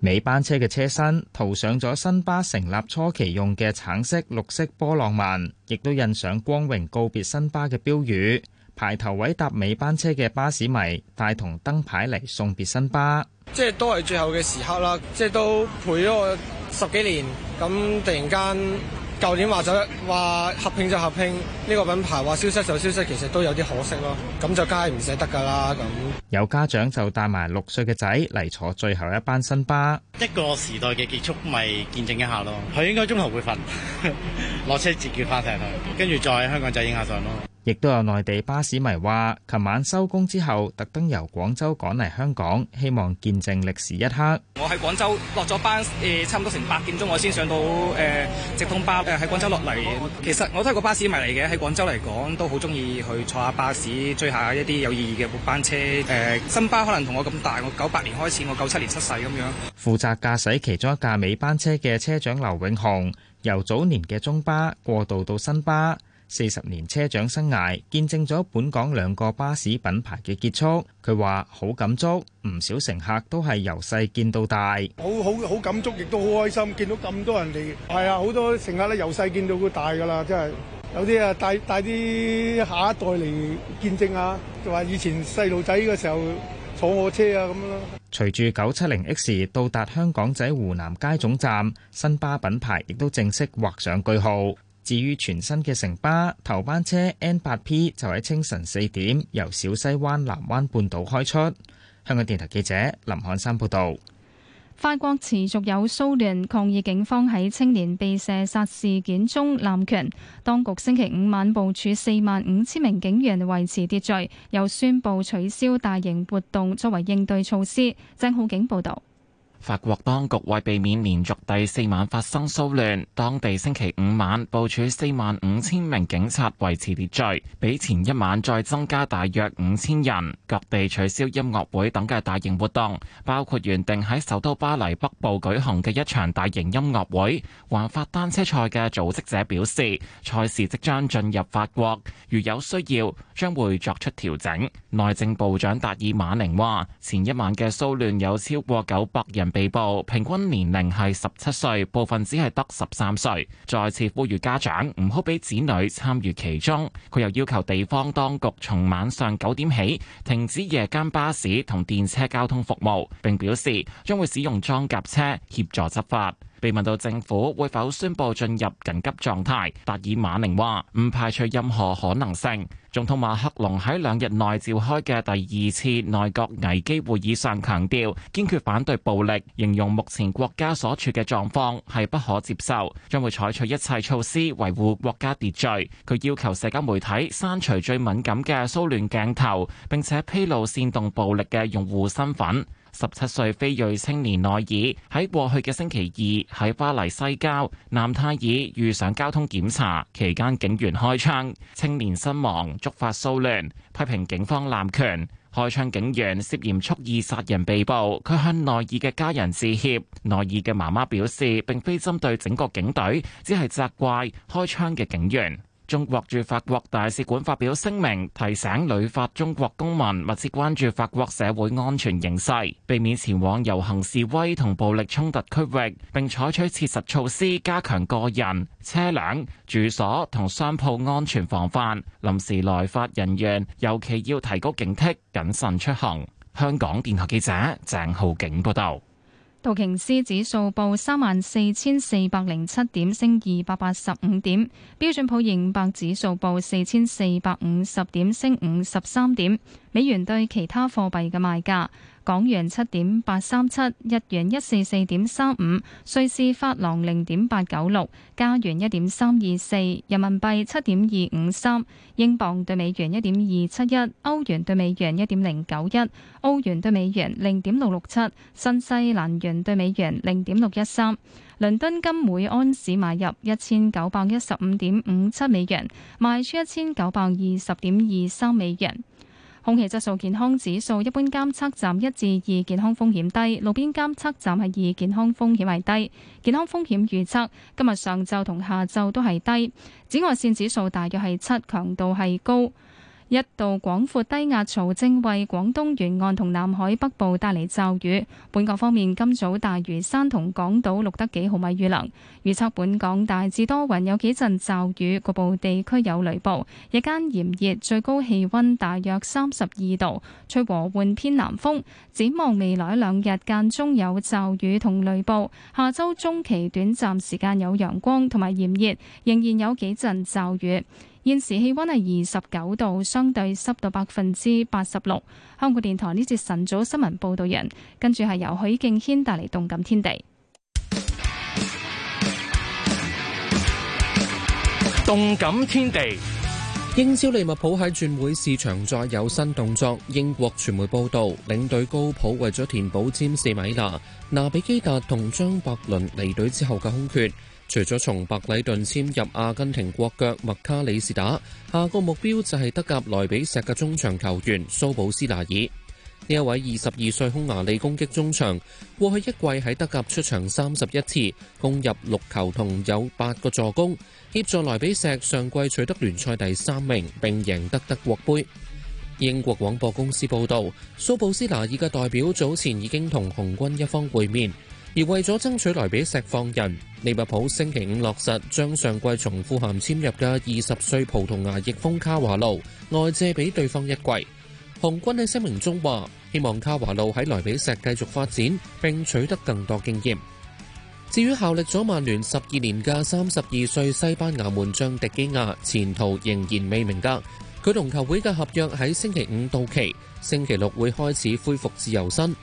尾班車嘅車身塗上咗新巴成立初期用嘅橙色、綠色波浪紋，亦都印上光榮告別新巴嘅標語。排頭位搭尾班車嘅巴士迷，帶同燈牌嚟送別新巴，即係都係最後嘅時刻啦！即係都陪咗我十幾年，咁突然間。舊年話咗話合併就合併，呢個品牌話消失就消失，其實都有啲可惜咯。咁就梗係唔捨得噶啦。咁有家長就帶埋六歲嘅仔嚟坐最後一班新巴。一個時代嘅結束，咪見證一下咯。佢應該中途會瞓，落 車直接翻晒去。跟住再喺香港仔影下相咯。亦都有內地巴士迷話，琴晚收工之後，特登由廣州趕嚟香港，希望見證歷史一刻。我喺廣州落咗班，誒、呃、差唔多成八點鐘，我先上到誒、呃、直通巴。誒喺廣州落嚟，其實我都係個巴士迷嚟嘅。喺廣州嚟講，都好中意去坐下巴士，追下一啲有意義嘅末班車。誒、呃、新巴可能同我咁大，我九八年開始，我九七年出世咁樣。負責駕駛其中一架尾班車嘅車長劉永雄，由早年嘅中巴過渡到新巴。四十年車長生涯，見證咗本港兩個巴士品牌嘅結束。佢話好感觸，唔少乘客都係由細見到大，好好好感觸，亦都好開心，見到咁多人嚟。係啊，好多乘客咧由細見到佢大噶啦，真係有啲啊帶帶啲下一代嚟見證啊，就話以前細路仔嘅時候坐我車啊咁樣咯。隨住九七零 X 到達香港仔湖南街總站，新巴品牌亦都正式畫上句號。至於全新嘅城巴頭班車 N 八 P 就喺清晨四點由小西灣南灣半島開出。香港電台記者林漢山報道。法國持續有騷亂，抗議警方喺青年被射殺事件中濫權。當局星期五晚部署四萬五千名警員維持秩序，又宣布取消大型活動作為應對措施。鄭浩景報道。法國當局為避免連續第四晚發生騷亂，當地星期五晚部署四萬五千名警察維持秩序，比前一晚再增加大約五千人。各地取消音樂會等嘅大型活動，包括原定喺首都巴黎北部舉行嘅一場大型音樂會。環法單車賽嘅組織者表示，賽事即將進入法國，如有需要，將會作出調整。內政部長達爾馬寧話，前一晚嘅騷亂有超過九百人。被捕，平均年齡係十七歲，部分只係得十三歲。再次呼籲家長唔好俾子女參與其中。佢又要求地方當局從晚上九點起停止夜間巴士同電車交通服務，並表示將會使用裝甲車協助執法。被問到政府會否宣布進入緊急狀態，達爾馬寧話唔排除任何可能性。總統馬克龍喺兩日內召開嘅第二次內閣危機會議上強調，堅決反對暴力，形容目前國家所處嘅狀況係不可接受，將會採取一切措施維護國家秩序。佢要求社交媒體刪除最敏感嘅騷亂鏡頭，並且披露煽動暴力嘅用戶身份。十七歲非裔青年奈爾喺過去嘅星期二喺巴黎西郊南泰爾遇上交通檢查期間，警員開槍，青年身亡，觸發騷亂，批評警方濫權，開槍警員涉嫌蓄，蓄意殺人被捕。佢向奈爾嘅家人致歉。奈爾嘅媽媽表示，並非針對整個警隊，只係責怪開槍嘅警員。中國駐法國大使館發表聲明，提醒旅法中國公民密切關注法國社會安全形勢，避免前往遊行示威同暴力衝突區域，並採取切實措施加強個人、車輛、住所同商鋪安全防範。臨時來法人員尤其要提高警惕，謹慎出行。香港電台記者鄭浩景報道。道瓊斯指數報三萬四千四百零七點，升二百八十五點；標準普爾五百指數報四千四百五十點，升五十三點。美元對其他貨幣嘅賣價。港元七點八三七，日元一四四點三五，瑞士法郎零點八九六，加元一點三二四，人民幣七點二五三，英鎊兌美元一點二七一，歐元兌美元一點零九一，澳元兌美元零點六六七，新西蘭元兌美元零點六一三。倫敦金每安士買入一千九百一十五點五七美元，賣出一千九百二十點二三美元。空氣質素健康指數一般監測站一至二，健康風險低；路邊監測站係二，健康風險係低。健康風險預測今日上晝同下晝都係低。紫外線指數大約係七，強度係高。一度廣闊低壓槽正為廣東沿岸同南海北部帶嚟驟雨。本港方面，今早大嶼山同港島錄得幾毫米雨量。預測本港大致多雲有幾陣驟雨，局部地區有雷暴。日間炎熱，最高氣溫大約三十二度，吹和緩偏南風，展望未來兩日間中有驟雨同雷暴，下周中期短暫時間有陽光同埋炎熱，仍然有幾陣驟雨。現時氣溫係二十九度，相對濕度百分之八十六。香港電台呢節晨早新聞報道人，跟住係由許敬軒帶嚟動感天地。動感天地。英超利物浦喺轉會市場再有新動作。英國傳媒報道，領隊高普為咗填補詹士米娜，納比基達同張伯倫離隊之後嘅空缺。除咗從白禮頓簽入阿根廷國腳麥卡里士打，下個目標就係德甲萊比錫嘅中場球員蘇保斯拿爾。呢一位二十二歲匈牙利攻擊中場，過去一季喺德甲出場三十一次，攻入六球同有八個助攻，協助萊比錫上季取得聯賽第三名，並贏得德國盃。英國廣播公司報道，蘇布斯拿爾嘅代表早前已經同紅軍一方會面。而為咗爭取萊比錫放人，利物浦星期五落實將上季從富咸簽入嘅二十歲葡萄牙翼鋒卡華路外借俾對方一季。紅軍喺聲明中話：希望卡華路喺萊比錫繼續發展並取得更多經驗。至於效力咗曼聯十二年嘅三十二歲西班牙門將迪基亞，前途仍然未明格。佢同球會嘅合約喺星期五到期，星期六會開始恢復自由身。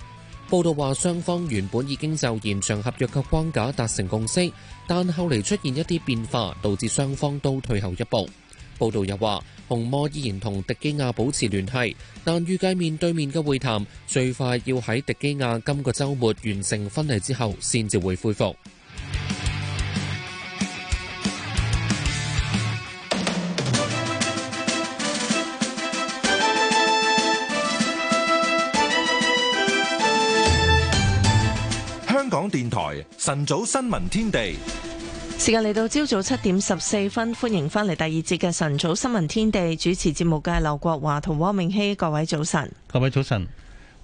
報道話，雙方原本已經就延長合約及框架達成共識，但後嚟出現一啲變化，導致雙方都退後一步。報道又話，紅魔依然同迪基亞保持聯繫，但預計面對面嘅會談最快要喺迪基亞今個周末完成婚禮之後，先至會恢復。晨早新聞天地，時間嚟到朝早七點十四分，歡迎返嚟第二節嘅晨早新聞天地，主持節目嘅劉國華同汪明熙。各位早晨，各位早晨。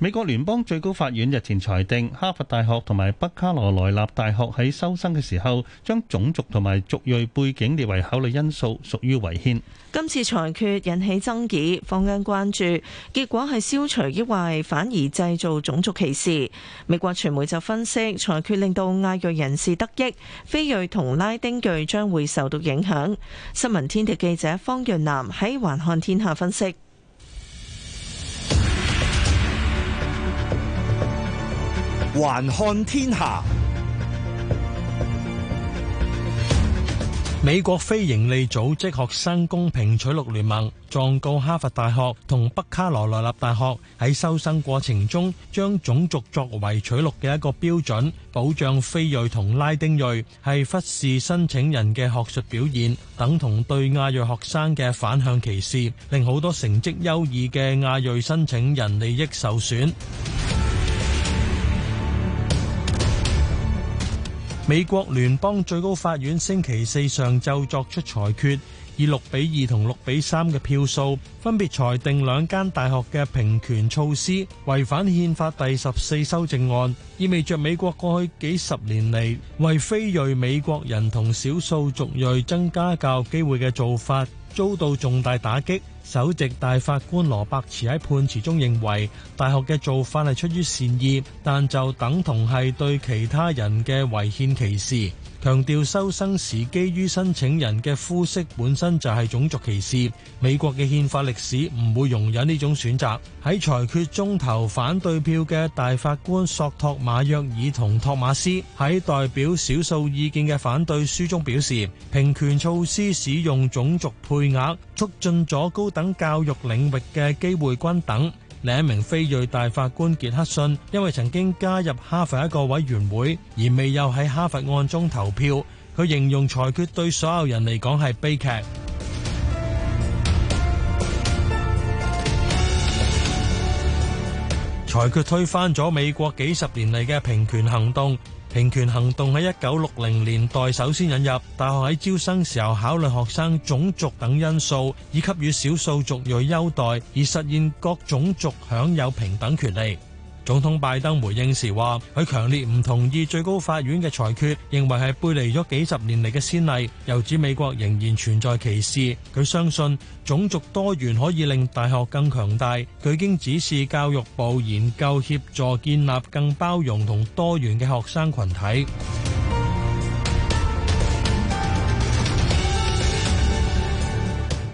美國聯邦最高法院日前裁定，哈佛大學同埋北卡羅來納大學喺收生嘅時候，將種族同埋族裔背景列為考慮因素，屬於違憲。今次裁決引起爭議，放眼關注，結果係消除抑或反而製造種族歧視？美國傳媒就分析，裁決令到亞裔人士得益，非裔同拉丁裔將會受到影響。新聞天地記者方潤南喺環看天下分析。還看天下。美國，非營利組織學生公平取錄聯盟狀告哈佛大學同北卡羅來納大學喺收生過程中將種族作為取錄嘅一個標準，保障非裔同拉丁裔係忽視申請人嘅學術表現，等同對亞裔學生嘅反向歧視，令好多成績優異嘅亞裔申請人利益受損。美國聯邦最高法院星期四上晝作出裁決，以六比二同六比三嘅票數，分別裁定兩間大學嘅平權措施違反憲法第十四修正案，意味着美國過去幾十年嚟為非裔美國人同少數族裔增加教育機會嘅做法遭到重大打擊。首席大法官羅伯茨喺判詞中認為，大學嘅做法係出於善意，但就等同係對其他人嘅違憲歧視。強調收生時基於申請人嘅膚色本身就係種族歧視。美國嘅憲法歷史唔會容忍呢種選擇。喺裁決中投反對票嘅大法官索托馬約爾同托馬斯喺代表少數意見嘅反對書中表示，平權措施使用種族配額，促進咗高等教育領域嘅機會均等。另一名非裔大法官傑克遜，因為曾經加入哈佛一個委員會，而未有喺哈佛案中投票，佢形容裁決對所有人嚟講係悲劇。 裁決推翻咗美國幾十年嚟嘅平權行動。平權行動喺一九六零年代首先引入，大學喺招生時候考慮學生種族等因素，以給予少數族裔優待，以實現各種族享有平等權利。總統拜登回應時話，佢強烈唔同意最高法院嘅裁決，認為係背離咗幾十年嚟嘅先例，又指美國仍然存在歧視。佢相信種族多元可以令大學更強大。佢已經指示教育部研究協助建立更包容同多元嘅學生群體。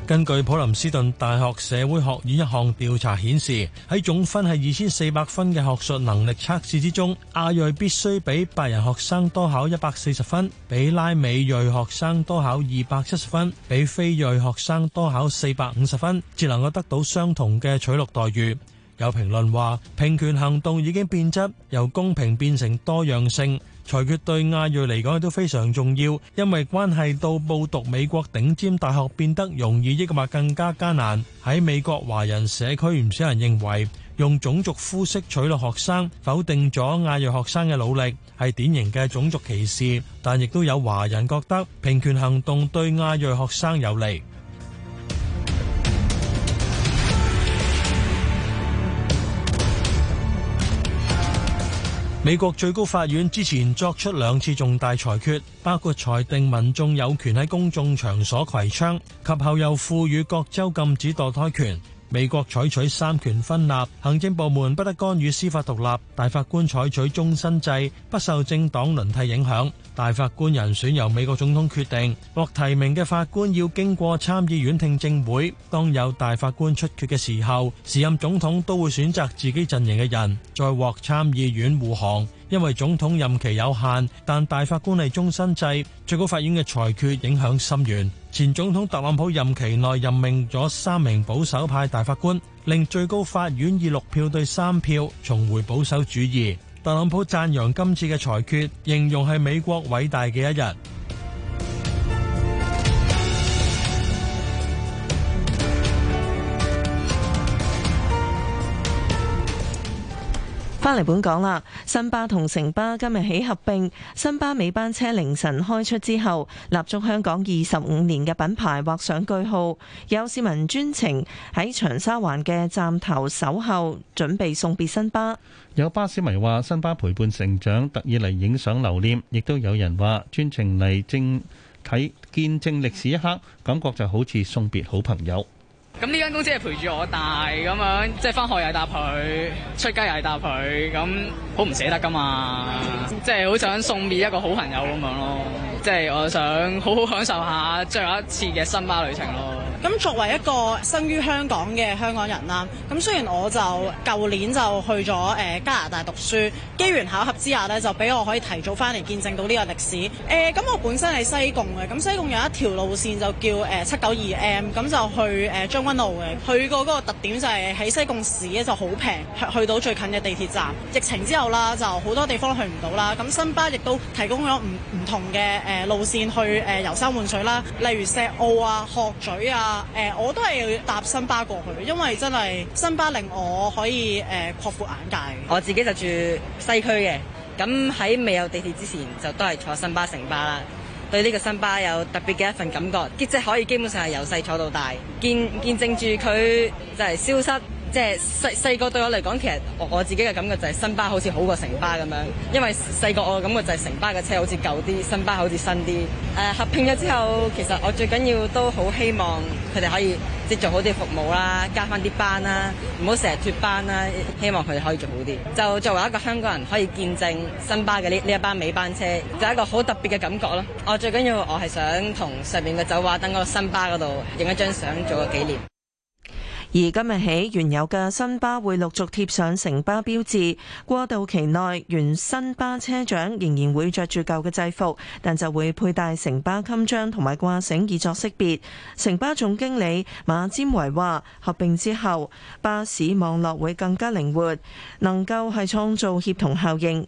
根據普林斯頓大學社會學院一項調查顯示，喺總分係二千四百分嘅學術能力測試之中，亞裔必須比白人學生多考一百四十分，比拉美裔學生多考二百七十分，比非裔學生多考四百五十分，才能夠得到相同嘅取錄待遇。有評論話，平權行動已經變質，由公平變成多樣性。裁決對亞裔嚟講都非常重要，因為關係到報讀美國頂尖大學變得容易，抑或更加艱難。喺美國華人社區，唔少人認為用種族膚色取錄學生，否定咗亞裔學生嘅努力，係典型嘅種族歧視。但亦都有華人覺得平權行動對亞裔學生有利。美國最高法院之前作出兩次重大裁決，包括裁定民眾有權喺公眾場所攜槍，及後又賦予各州禁止墮胎權。美國採取三權分立，行政部門不得干預司法獨立，大法官採取終身制，不受政黨輪替影響。大法官人選由美國總統決定，獲提名嘅法官要經過參議院聽證會，當有大法官出決嘅時候，時任總統都會選擇自己陣營嘅人，再獲參議院護航。因為總統任期有限，但大法官係終身制，最高法院嘅裁決影響深遠，前總統特朗普任期內任命咗三名保守派大法官，令最高法院以六票對三票重回保守主義。特朗普讚揚今次嘅裁決，形容係美國偉大嘅一日。翻嚟本港啦，新巴同城巴今日起合併，新巴尾班車凌晨開出之後，立足香港二十五年嘅品牌畫上句號。有市民專程喺長沙灣嘅站頭守候，準備送別新巴。有巴士迷話新巴陪伴成長，特意嚟影相留念，亦都有人話專程嚟正睇見證歷史一刻，感覺就好似送別好朋友。咁呢間公司係陪住我大咁樣，即係翻學又係搭佢，出街又係搭佢，咁好唔捨得噶嘛，即係好想送別一個好朋友咁樣咯，即係我想好好享受下最後一次嘅新巴旅程咯。咁作為一個生於香港嘅香港人啦，咁雖然我就舊年就去咗誒、呃、加拿大讀書，機緣巧合之下咧，就俾我可以提早翻嚟見證到呢個歷史。誒、呃、咁我本身係西貢嘅，咁西貢有一條路線就叫誒七九二 M，咁就去誒、呃中路嘅，去過嗰個特點就係喺西貢市就好平，去到最近嘅地鐵站。疫情之後啦，就好多地方去唔到啦。咁新巴亦都提供咗唔唔同嘅誒、呃、路線去誒遊、呃、山玩水啦，例如石澳啊、鶴咀啊。誒、呃，我都係搭新巴過去，因為真係新巴令我可以誒擴闊眼界。我自己就住西區嘅，咁喺未有地鐵之前就都係坐新巴、城巴啦。對呢個新巴有特別嘅一份感覺，即係可以基本上係由細坐到大，見見證住佢就係消失。即係細細個對我嚟講，其實我，我自己嘅感覺就係、是、新巴好似好過城巴咁樣，因為細個我嘅感覺就係、是、城巴嘅車好似舊啲，新巴好似新啲。誒、呃、合併咗之後，其實我最緊要都好希望佢哋可以即做好啲服務啦，加翻啲班啦，唔好成日脫班啦。希望佢哋可以做好啲。就作為一個香港人，可以見證新巴嘅呢呢一班尾班車，就係一個好特別嘅感覺咯。我最緊要我係想同上面嘅走馬燈嗰、那個新巴嗰度影一張相，做個紀念。而今日起，原有嘅新巴會陸續貼上城巴標誌，過渡期內原新巴車長仍然會着住舊嘅制服，但就會佩戴城巴襟章同埋掛繩以作識別。城巴總經理馬占維話，合併之後巴士網絡會更加靈活，能夠係創造協同效應。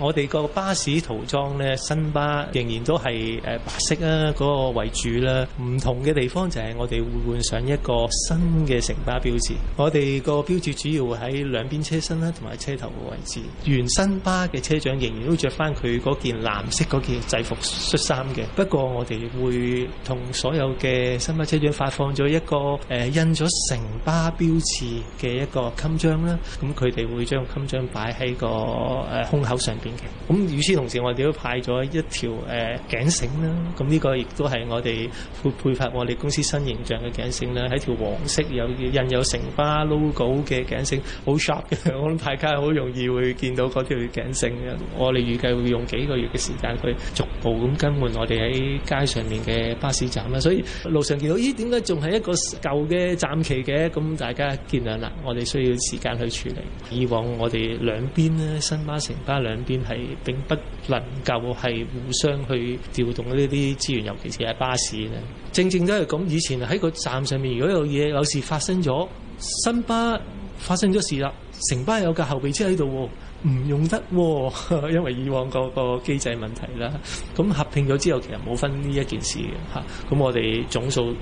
我哋個巴士塗裝咧，新巴仍然都係誒白色啊嗰、那個為主啦。唔同嘅地方就係我哋會換上一個新嘅城巴標誌。我哋個標誌主要喺兩邊車身啦、啊，同埋車頭嘅位置。原新巴嘅車長仍然都着翻佢嗰件藍色嗰件制服恤衫嘅。不過我哋會同所有嘅新巴車長發放咗一個誒、呃、印咗城巴標誌嘅一個襟章啦、啊。咁佢哋會將襟章擺喺個誒胸口上邊。咁與此同時，我哋都派咗一條誒、呃、頸繩啦。咁、嗯、呢、這個亦都係我哋會配發我哋公司新形象嘅頸繩啦。係條黃色有印有城巴 logo 嘅頸繩，好 sharp 嘅。我、嗯、諗大家好容易會見到嗰條頸繩嘅。我哋預計會用幾個月嘅時間去逐步咁更換我哋喺街上面嘅巴士站啦。所以路上見到咦點解仲係一個舊嘅站旗嘅？咁、嗯、大家見諒啦，我哋需要時間去處理。以往我哋兩邊咧，新巴、城巴兩邊。係並不能夠係互相去調動呢啲資源，尤其是係巴士咧。正正都係咁，以前喺個站上面，如果有嘢有事發生咗，新巴發生咗事啦，城巴有架後備車喺度唔用得喎，因為以往個個機制問題啦。咁合併咗之後，其實冇分呢一件事嘅嚇。咁、啊、我哋總數誒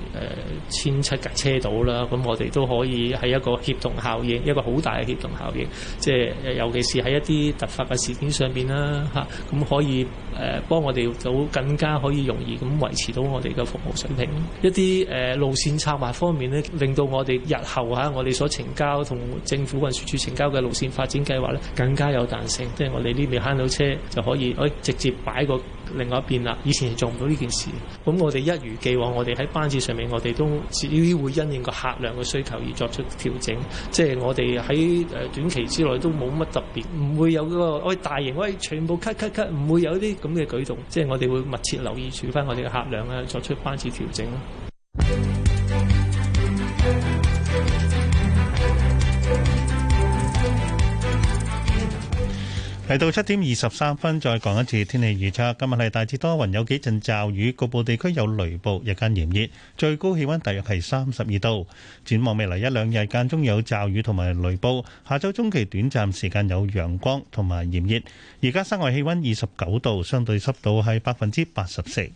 千七架車到啦，咁、啊、我哋都可以係一個協同效應，一個好大嘅協同效應。即係尤其是喺一啲突發嘅事件上邊啦嚇，咁、啊啊、可以。誒幫我哋做更加可以容易咁維持到我哋嘅服務水平，一啲誒、呃、路線策劃方面咧，令到我哋日後嚇、啊、我哋所呈交同政府運輸署呈交嘅路線發展計劃咧，更加有彈性，即、就、係、是、我哋呢邊慳到車就可以可以直接擺過另外一邊啦。以前係做唔到呢件事，咁我哋一如既往，我哋喺班次上面，我哋都至於會因應個客量嘅需求而作出調整。即係我哋喺誒短期之內都冇乜特別，唔會有個喂大型我哋全部 cut cut cut，唔會有啲。咁嘅舉動，即係我哋會密切留意，處分我哋嘅客量咧，作出班次調整咯。嚟到七點二十三分再講一次天氣預測。今日係大致多雲，有幾陣驟雨，局部地區有雷暴，日間炎熱，最高氣温大約係三十二度。展望未來一兩日間中有驟雨同埋雷暴，下週中期短暫時間有陽光同埋炎熱。而家室外氣温二十九度，相對濕度係百分之八十四。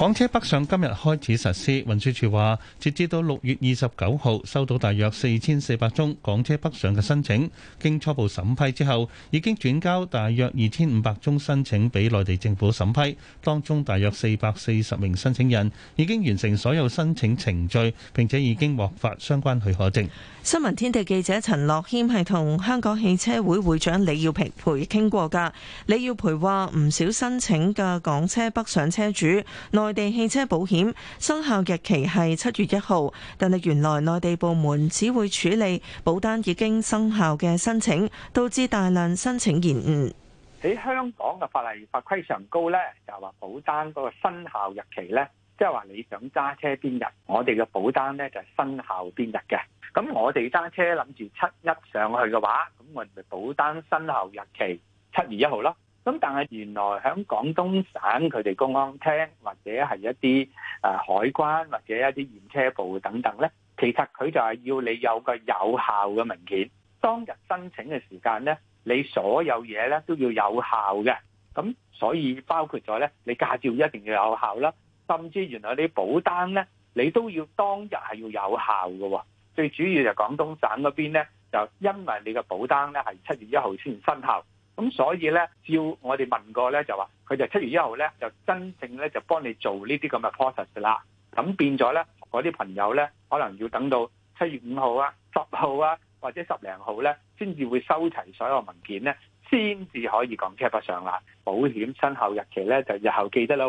港車北上今日開始實施，運輸署話，截至到六月二十九號，收到大約四千四百宗港車北上嘅申請，經初步審批之後，已經轉交大約二千五百宗申請俾內地政府審批，當中大約四百四十名申請人已經完成所有申請程序，並且已經獲發相關許可證。新聞天地記者陳樂謙係同香港汽車會會長李耀培傾過㗎。李耀培話：唔少申請嘅港車北上車主，內地汽車保險生效日期係七月一號，但係原來內地部門只會處理保單已經生效嘅申請，導致大量申請延誤。喺香港嘅法例法規上高呢，就係話保單嗰個生效日期呢，即係話你想揸車邊日，我哋嘅保單呢就係生效邊日嘅。咁我哋揸車諗住七一上去嘅話，咁我哋就保單生效日期七月一號咯。咁但係原來喺廣東省佢哋公安廳或者係一啲啊海關或者一啲驗車部等等咧，其實佢就係要你有個有效嘅文件，當日申請嘅時間咧，你所有嘢咧都要有效嘅。咁所以包括咗咧，你駕照一定要有效啦，甚至原來你保單咧，你都要當日係要有效㗎。最主要就廣東省嗰邊咧，就因為你個保單咧係七月一號先生效，咁所以咧，照我哋問過咧就話，佢就七月一號咧就真正咧就幫你做這這呢啲咁嘅 process 啦，咁變咗咧，嗰啲朋友咧可能要等到七月五號啊、十號啊或者十零號咧，先至會收齊所有文件咧。先至可以降車不上啦。保險生效日期咧，就日後記得啦。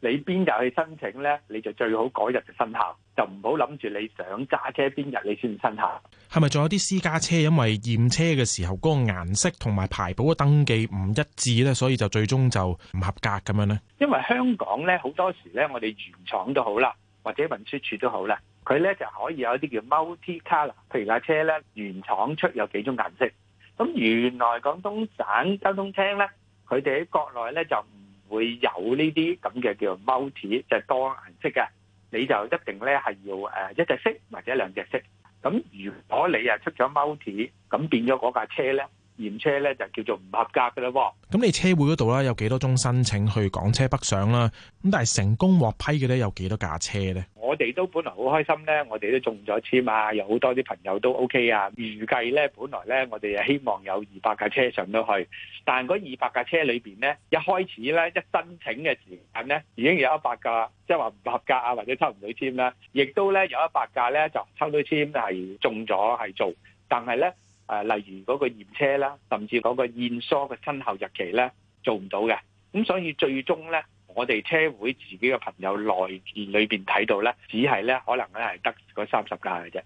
你邊日去申請咧，你就最好嗰日就生效，就唔好諗住你想揸車邊日你先生效。係咪仲有啲私家車因為驗車嘅時候嗰個顏色同埋排保嘅登記唔一致咧，所以就最終就唔合格咁樣咧？因為香港咧好多時咧，我哋原廠都好啦，或者運輸處都好啦，佢咧就可以有一啲叫 multi colour，譬如架車咧原廠出有幾種顏色。咁原來廣東省交通廳咧，佢哋喺國內咧就唔會有呢啲咁嘅叫 multi，即係多顏色嘅。你就一定咧係要誒一隻色或者兩隻色。咁如果你啊出咗 multi，咁變咗嗰架車咧驗車咧就叫做唔合格噶啦喎。咁你車會嗰度啦有幾多宗申請去港車北上啦？咁但係成功獲批嘅咧有幾多架車咧？我哋都本來好開心咧，我哋都中咗籤啊，有好多啲朋友都 OK 啊。預計咧，本來咧，我哋希望有二百架車上到去，但係嗰二百架車裏邊咧，一開始咧一申請嘅時間咧，已經有一百架即係話唔合格啊，或者抽唔到籤啦。亦都咧有一百架咧就抽到籤係中咗係做，但係咧誒，例如嗰個驗車啦，甚至嗰個驗疏嘅生效日期咧做唔到嘅，咁所以最終咧。我哋車會自己嘅朋友內線裏邊睇到呢，只係咧可能咧係得嗰三十架嘅啫。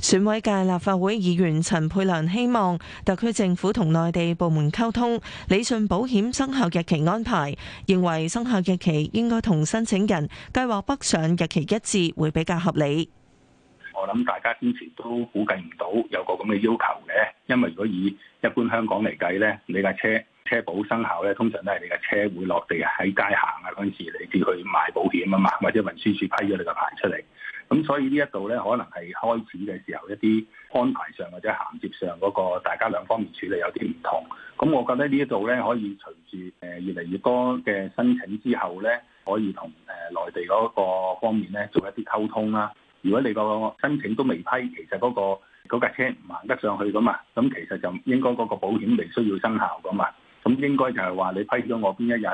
選委界立法會議員陳佩良希望特區政府同內地部門溝通，理順保險生效日期安排，認為生效日期應該同申請人計劃北上日期一致，會比較合理。我諗大家之前都估計唔到有個咁嘅要求嘅，因為如果以一般香港嚟計呢，你架車。車保生效咧，通常都係你嘅車會落地喺街行啊，嗰陣時你至去買保險啊嘛，或者運輸處批咗你個牌出嚟。咁所以呢一度咧，可能係開始嘅時候一啲安排上或者銜接上嗰個大家兩方面處理有啲唔同。咁我覺得呢一度咧，可以隨住誒越嚟越多嘅申請之後咧，可以同誒內地嗰個方面咧做一啲溝通啦。如果你個申請都未批，其實嗰個嗰架車唔行得上去噶嘛，咁其實就應該嗰個保險未需要生效噶嘛。咁應該就係話你批咗我邊一日，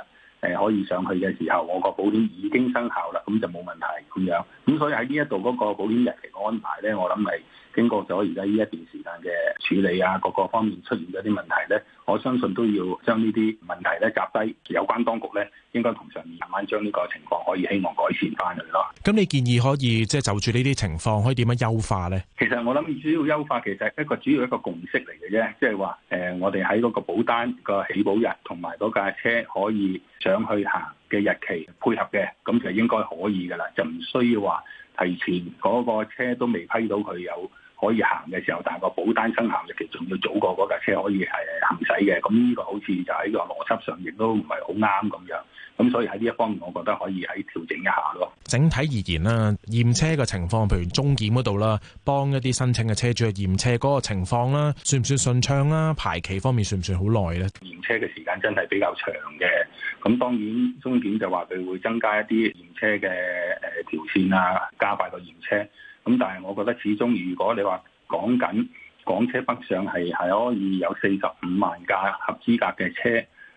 誒可以上去嘅時候，我個保險已經生效啦，咁就冇問題咁樣。咁所以喺呢一度嗰個保險日期嘅安排咧，我諗係。經過咗而家呢一段時間嘅處理啊，各個方面出現咗啲問題咧，我相信都要將呢啲問題咧夾低，有關當局咧應該同上面慢慢將呢個情況可以希望改善翻去咯。咁你建議可以即係就住呢啲情況可以點樣優化咧？其實我諗主要優化，其實一個主要一個共識嚟嘅啫，即係話誒，我哋喺嗰個保單個起保日同埋嗰架車可以上去行嘅日期配合嘅，咁就應該可以噶啦，就唔需要話提前，嗰個車都未批到佢有。可以行嘅時候，但個保單生效日期仲要早過嗰架、那個、車可以係行駛嘅，咁呢個好似就喺個邏輯上亦都唔係好啱咁樣，咁所以喺呢一方面，我覺得可以喺調整一下咯。整體而言咧，驗車嘅情況，譬如中檢嗰度啦，幫一啲申請嘅車主驗車嗰個情況啦，算唔算順暢啦？排期方面算唔算好耐咧？驗車嘅時間真係比較長嘅，咁當然中檢就話佢會增加一啲驗車嘅誒條線啊，加快個驗車。咁但係，我覺得始終如果你話講緊港車北上係係可以有四十五萬架合資格嘅車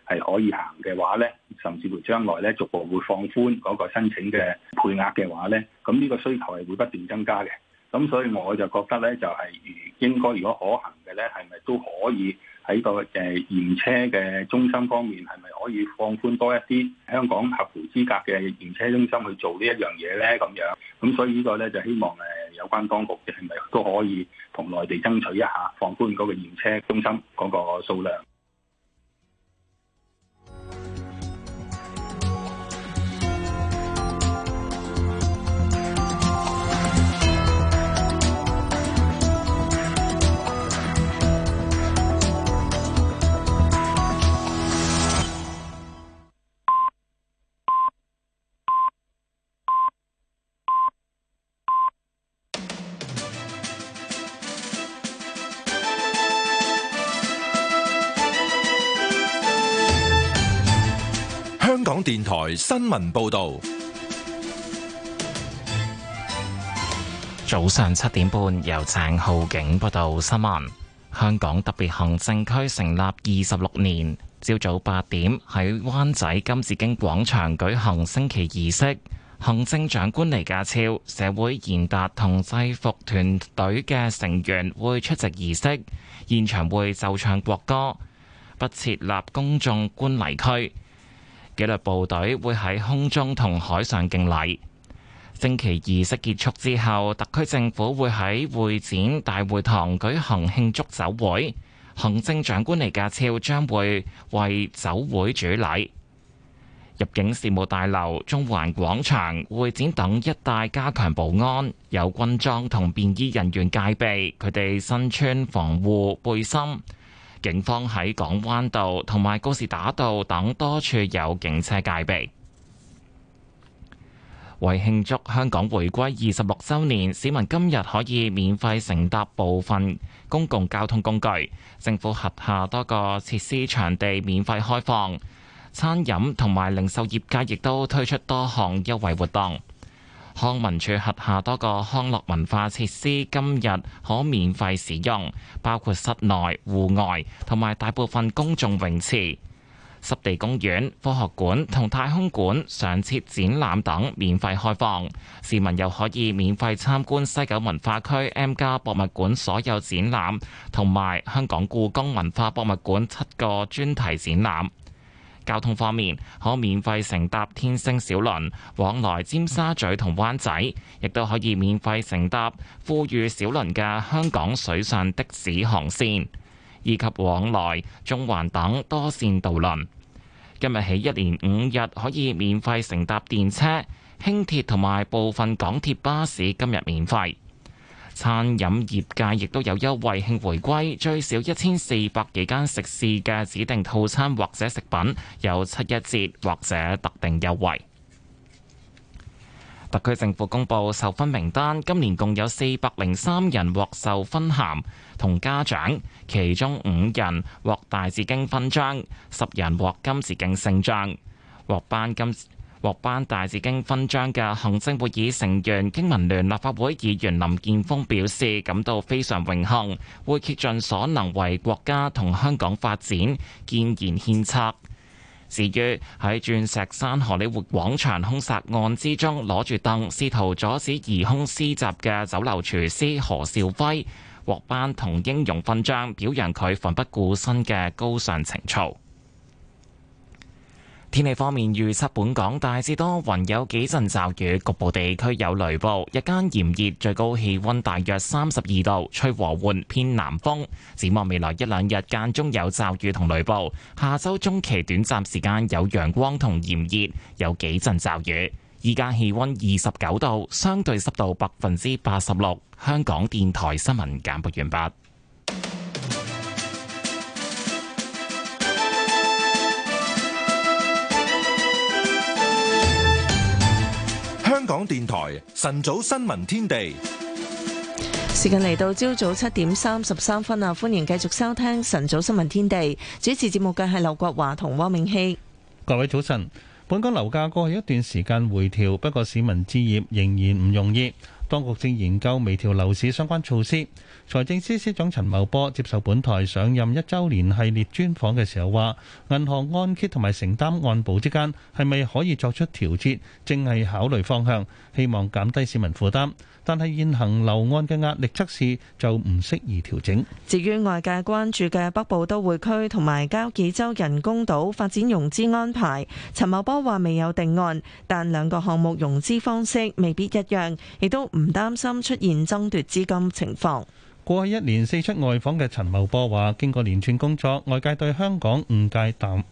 係可以行嘅話咧，甚至乎將來咧逐步會放寬嗰個申請嘅配額嘅話咧，咁呢個需求係會不斷增加嘅。咁所以我就覺得咧，就係如應該如果可行嘅咧，係咪都可以？喺個誒驗車嘅中心方面，係咪可以放寬多一啲香港合乎資格嘅驗車中心去做呢一樣嘢呢？咁 樣，咁所以呢個呢，就希望誒有關當局嘅係咪都可以同內地爭取一下放寬嗰個驗車中心嗰個數量。電台新聞報道：早上七點半，由鄭浩景報道新聞。香港特別行政區成立二十六年，朝早八點喺灣仔金紫荊廣場舉行升旗儀式。行政長官李家超、社會賢達同制服團隊嘅成員會出席儀式，現場會奏唱國歌。不設立公眾觀禮區。紀律部隊會喺空中同海上敬禮。升旗儀式結束之後，特區政府會喺會展大會堂舉行慶祝酒會，行政長官李家超將會為酒會主禮。入境事務大樓、中環廣場、會展等一帶加強保安，有軍裝同便衣人員戒備，佢哋身穿防護背心。警方喺港灣道同埋告士打道等多處有警車戒備。為慶祝香港回歸二十六週年，市民今日可以免費乘搭部分公共交通工具。政府轄下多個設施場地免費開放，餐飲同埋零售業界亦都推出多項優惠活動。康文署轄下多個康樂文化設施，今日可免費使用，包括室內戶外同埋大部分公眾泳池、濕地公園、科學館同太空館上設展覽等免費開放。市民又可以免費參觀西九文化區 M 加博物館所有展覽同埋香港故宮文化博物館七個專題展覽。交通方面，可免費乘搭天星小輪往來尖沙咀同灣仔，亦都可以免費乘搭富裕小輪嘅香港水上的士航線，以及往來中環等多線渡輪。今日起一連五日可以免費乘搭電車、輕鐵同埋部分港鐵巴士。今日免費。餐飲業界亦都有優惠慶回歸，最少一千四百幾間食肆嘅指定套餐或者食品有七一折或者特定優惠。特區政府公布授勳名單，今年共有四百零三人獲授勳銜同嘉獎，其中五人獲大紫荊勳章，十人獲金紫荊星章，獲頒金。獲頒大紫荊勳章嘅行政會議成員、經民聯立法會議員林健鋒表示，感到非常榮幸，會竭盡所能為國家同香港發展建言獻策。至於喺鑽石山荷里活廣場兇殺案之中攞住凳試圖阻止疑兇施襲嘅酒樓廚師何兆輝獲頒同英勇勳章，表揚佢奮不顧身嘅高尚情操。天氣方面預測，本港大致多雲，有幾陣驟雨，局部地區有雷暴。日間炎熱，最高氣溫大約三十二度，吹和緩偏南風。展望未來一兩日間中有驟雨同雷暴，下周中期短暫時間有陽光同炎熱，有幾陣驟雨。依家氣溫二十九度，相對濕度百分之八十六。香港電台新聞簡報完畢。香港電台晨早新聞天地，時間嚟到朝早七點三十三分啦，歡迎繼續收聽晨早新聞天地，主持節目嘅係劉國華同汪明熙。各位早晨，本港樓價過去一段時間回調，不過市民置業仍然唔容易，當局正研究微調樓市相關措施。財政司司長陳茂波接受本台上任一週年系列專訪嘅時候話，銀行按揭同埋承擔按保之間係咪可以作出調節，正係考慮方向，希望減低市民負擔。但係現行樓按嘅壓力測試就唔適宜調整。至於外界關注嘅北部都會區同埋交椅洲人工島發展融資安排，陳茂波話未有定案，但兩個項目融資方式未必一樣，亦都唔擔心出現爭奪資金情況。過去一年四出外訪嘅陳茂波話，經過連串工作，外界對香港誤解淡，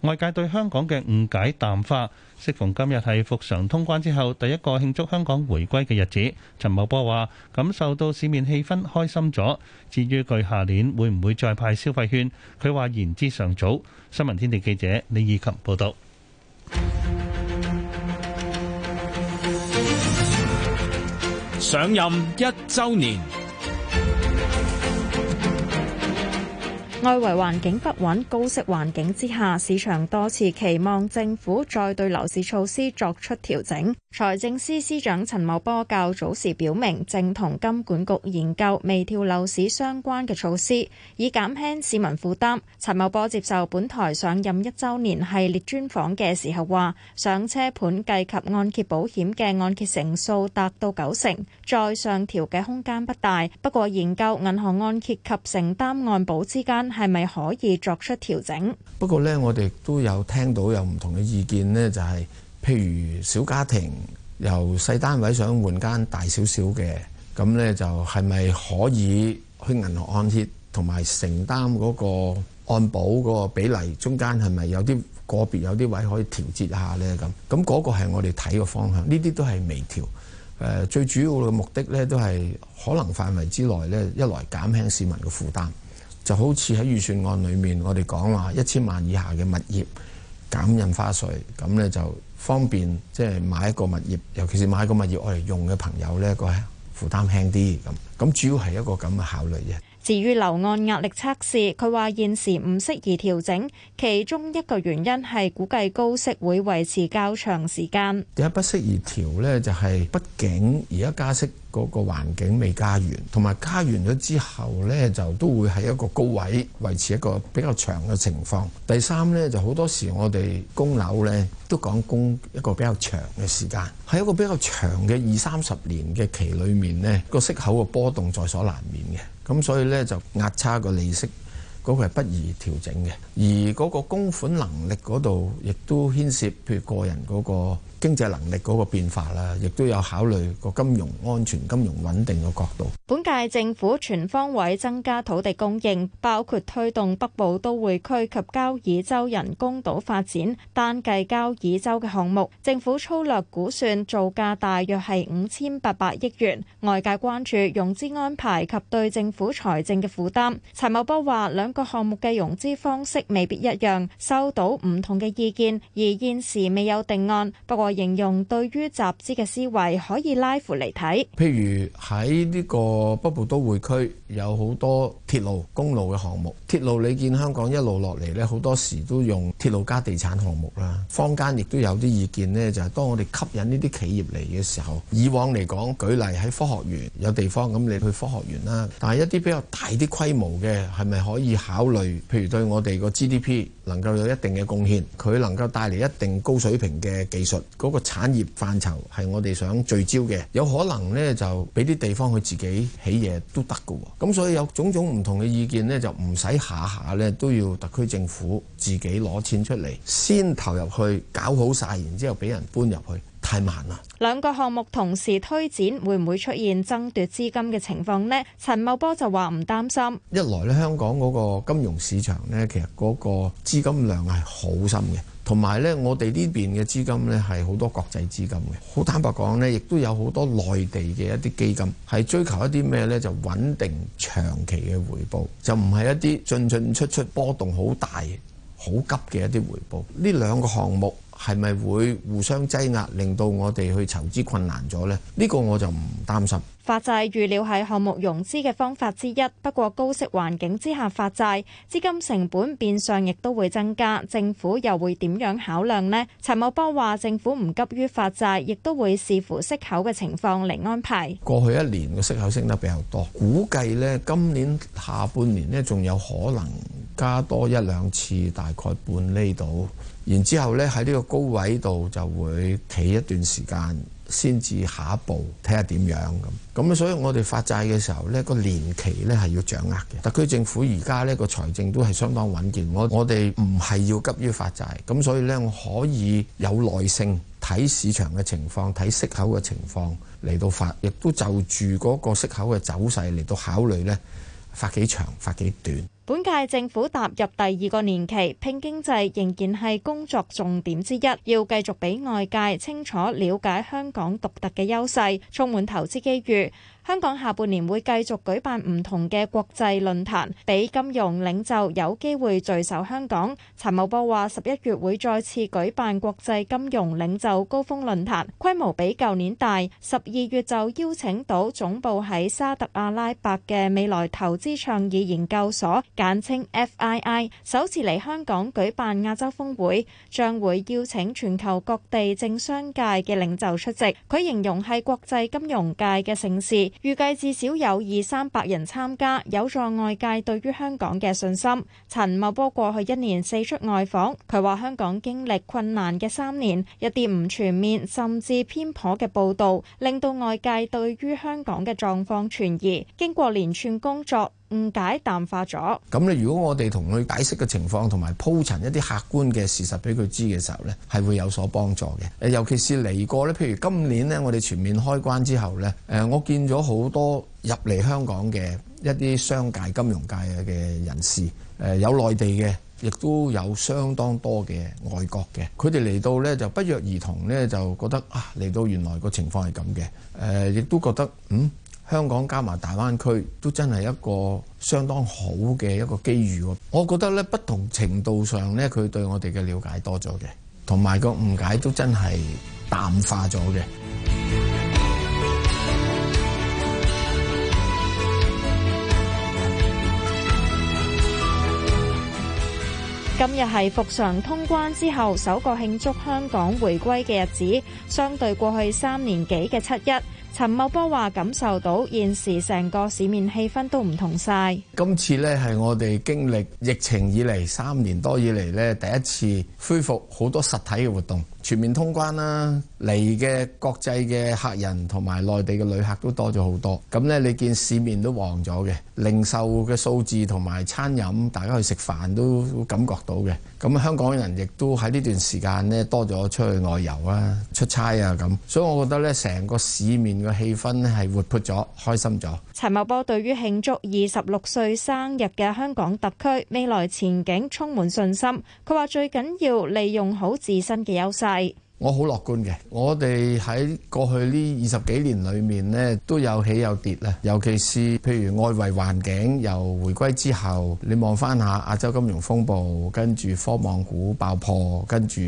外界對香港嘅誤解淡化。適逢今日係復常通關之後第一個慶祝香港回歸嘅日子，陳茂波話感受到市面氣氛開心咗。至於佢下年會唔會再派消費券，佢話言之尚早。新聞天地記者李以琴報道。上任一周年。外圍環境不穩、高息環境之下，市場多次期望政府再對樓市措施作出調整。財政司司長陳茂波較早時表明，正同金管局研究微調樓市相關嘅措施，以減輕市民負擔。陳茂波接受本台上任一周年系列專訪嘅時候話，上車盤計及按揭保險嘅按揭成數達到九成，再上調嘅空間不大。不過研究銀行按揭及承擔按保之間係咪可以作出調整？不過呢，我哋都有聽到有唔同嘅意見呢，就係、是。譬如小家庭由細單位想換間大少少嘅，咁咧就係咪可以去銀行按揭，同埋承擔嗰個按保嗰個比例，中間係咪有啲個別有啲位可以調節一下咧？咁咁嗰個係我哋睇嘅方向，呢啲都係微調。誒、呃、最主要嘅目的咧，都係可能範圍之內咧，一來減輕市民嘅負擔，就好似喺預算案裡面我哋講話一千萬以下嘅物業減印花稅，咁咧就。方便即係買一個物業，尤其是買一個物業愛嚟用嘅朋友咧，個負擔輕啲咁。咁主要係一個咁嘅考慮啫。至於樓按壓力測試，佢話現時唔適宜調整，其中一個原因係估計高息會維持較長時間。第一不適宜調呢，就係、是、畢竟而家加息嗰個環境未加完，同埋加完咗之後呢，就都會係一個高位維持一個比較長嘅情況。第三呢，就好多時，我哋供樓呢，都講供一個比較長嘅時間，喺一個比較長嘅二三十年嘅期裡面呢，個息口嘅波動在所難免嘅。咁所以呢，就壓差個利息嗰個係不宜調整嘅，而嗰個供款能力嗰度亦都牽涉譬如個人嗰個。經濟能力嗰個變化啦，亦都有考慮個金融安全、金融穩定嘅角度。本屆政府全方位增加土地供應，包括推動北部都會區及交椅洲人工島發展，單計交椅洲嘅項目。政府粗略估算造價大約係五千八百億元，外界關注融資安排及對政府財政嘅負擔。陳茂波話：兩個項目嘅融資方式未必一樣，收到唔同嘅意見，而現時未有定案。不過形容對於集資嘅思維可以拉闊嚟睇，譬如喺呢個北部都會區有好多鐵路、公路嘅項目，鐵路你見香港一路落嚟呢，好多時都用鐵路加地產項目啦。坊間亦都有啲意見呢，就係當我哋吸引呢啲企業嚟嘅時候，以往嚟講，舉例喺科學園有地方咁，你去科學園啦。但係一啲比較大啲規模嘅，係咪可以考慮？譬如對我哋個 GDP 能夠有一定嘅貢獻，佢能夠帶嚟一定高水平嘅技術，嗰個產業範疇係我哋想聚焦嘅。有可能呢就俾啲地方佢自己起嘢都得㗎喎。咁所以有種種唔唔同嘅意見呢，就唔使下下咧都要特區政府自己攞錢出嚟先投入去搞好晒，然之後俾人搬入去，太慢啦。兩個項目同時推展，會唔會出現爭奪資金嘅情況呢？陳茂波就話唔擔心。一來咧，香港嗰個金融市場咧，其實嗰個資金量係好深嘅。同埋呢，我哋呢邊嘅資金呢，係好多國際資金嘅，好坦白講呢，亦都有好多內地嘅一啲基金，係追求一啲咩呢？就穩定長期嘅回報，就唔係一啲進進出出波動好大、好急嘅一啲回報。呢兩個項目係咪會互相擠壓，令到我哋去籌資困難咗呢？呢個我就唔擔心。發債預料係項目融資嘅方法之一，不過高息環境之下發債，資金成本變相亦都會增加。政府又會點樣考量呢？陳茂波話：政府唔急於發債，亦都會視乎息口嘅情況嚟安排。過去一年個息口升得比較多，估計呢今年下半年呢仲有可能加多一兩次，大概半厘度。然之後呢，喺呢個高位度就會企一段時間。先至下一步睇下點樣。咁，咁所以我哋發債嘅時候呢個年期呢係要掌握嘅。特區政府而家呢個財政都係相當穩健，我我哋唔係要急於發債，咁所以呢，我可以有耐性睇市場嘅情況，睇息口嘅情況嚟到發，亦都就住嗰個息口嘅走勢嚟到考慮呢發幾長發幾短。本屆政府踏入第二個年期，拼經濟仍然係工作重點之一，要繼續俾外界清楚了解香港獨特嘅優勢，充滿投資機遇。香港下半年會繼續舉辦唔同嘅國際論壇，俾金融領袖有機會聚首香港。陳茂波話：十一月會再次舉辦國際金融領袖高峰論壇，規模比舊年大。十二月就邀請到總部喺沙特阿拉伯嘅未來投資倡議研究所（簡稱 FII） 首次嚟香港舉辦亞洲峰會，將會邀請全球各地政商界嘅領袖出席。佢形容係國際金融界嘅盛事。預計至少有二三百人參加，有助外界對於香港嘅信心。陳茂波過去一年四出外訪，佢話香港經歷困難嘅三年，一啲唔全面甚至偏頗嘅報導，令到外界對於香港嘅狀況存疑。經過連串工作。誤、嗯、解淡化咗。咁咧，如果我哋同佢解釋嘅情況，同埋鋪陳一啲客觀嘅事實俾佢知嘅時候呢，係會有所幫助嘅、呃。尤其是嚟過呢，譬如今年呢，我哋全面開關之後呢，誒、呃，我見咗好多入嚟香港嘅一啲商界、金融界嘅人士，誒、呃，有內地嘅，亦都有相當多嘅外國嘅，佢哋嚟到呢，就不約而同呢，就覺得啊，嚟到原來個情況係咁嘅，誒、呃，亦都覺得嗯。香港加埋大灣區都真係一個相當好嘅一個機遇，我覺得咧，不同程度上咧，佢對我哋嘅了解多咗嘅，同埋個誤解都真係淡化咗嘅。今日係復常通關之後首個慶祝香港回歸嘅日子，相對過去三年幾嘅七一。陳茂波話感受到現時成個市面氣氛都唔同晒，今次咧係我哋經歷疫情以嚟三年多以嚟咧第一次恢復好多實體嘅活動，全面通關啦。嚟嘅國際嘅客人同埋內地嘅旅客都多咗好多，咁咧你見市面都旺咗嘅零售嘅數字同埋餐飲，大家去食飯都感覺到嘅。咁香港人亦都喺呢段時間呢多咗出去外遊啊、出差啊咁，所以我覺得咧成個市面嘅氣氛係活潑咗、開心咗。陳茂波對於慶祝二十六歲生日嘅香港特區未來前景充滿信心，佢話最緊要利用好自身嘅優勢。我好樂觀嘅，我哋喺過去呢二十幾年裏面呢，都有起有跌啦。尤其是譬如外圍環境又回歸之後，你望翻下亞洲金融風暴，跟住科網股爆破，跟住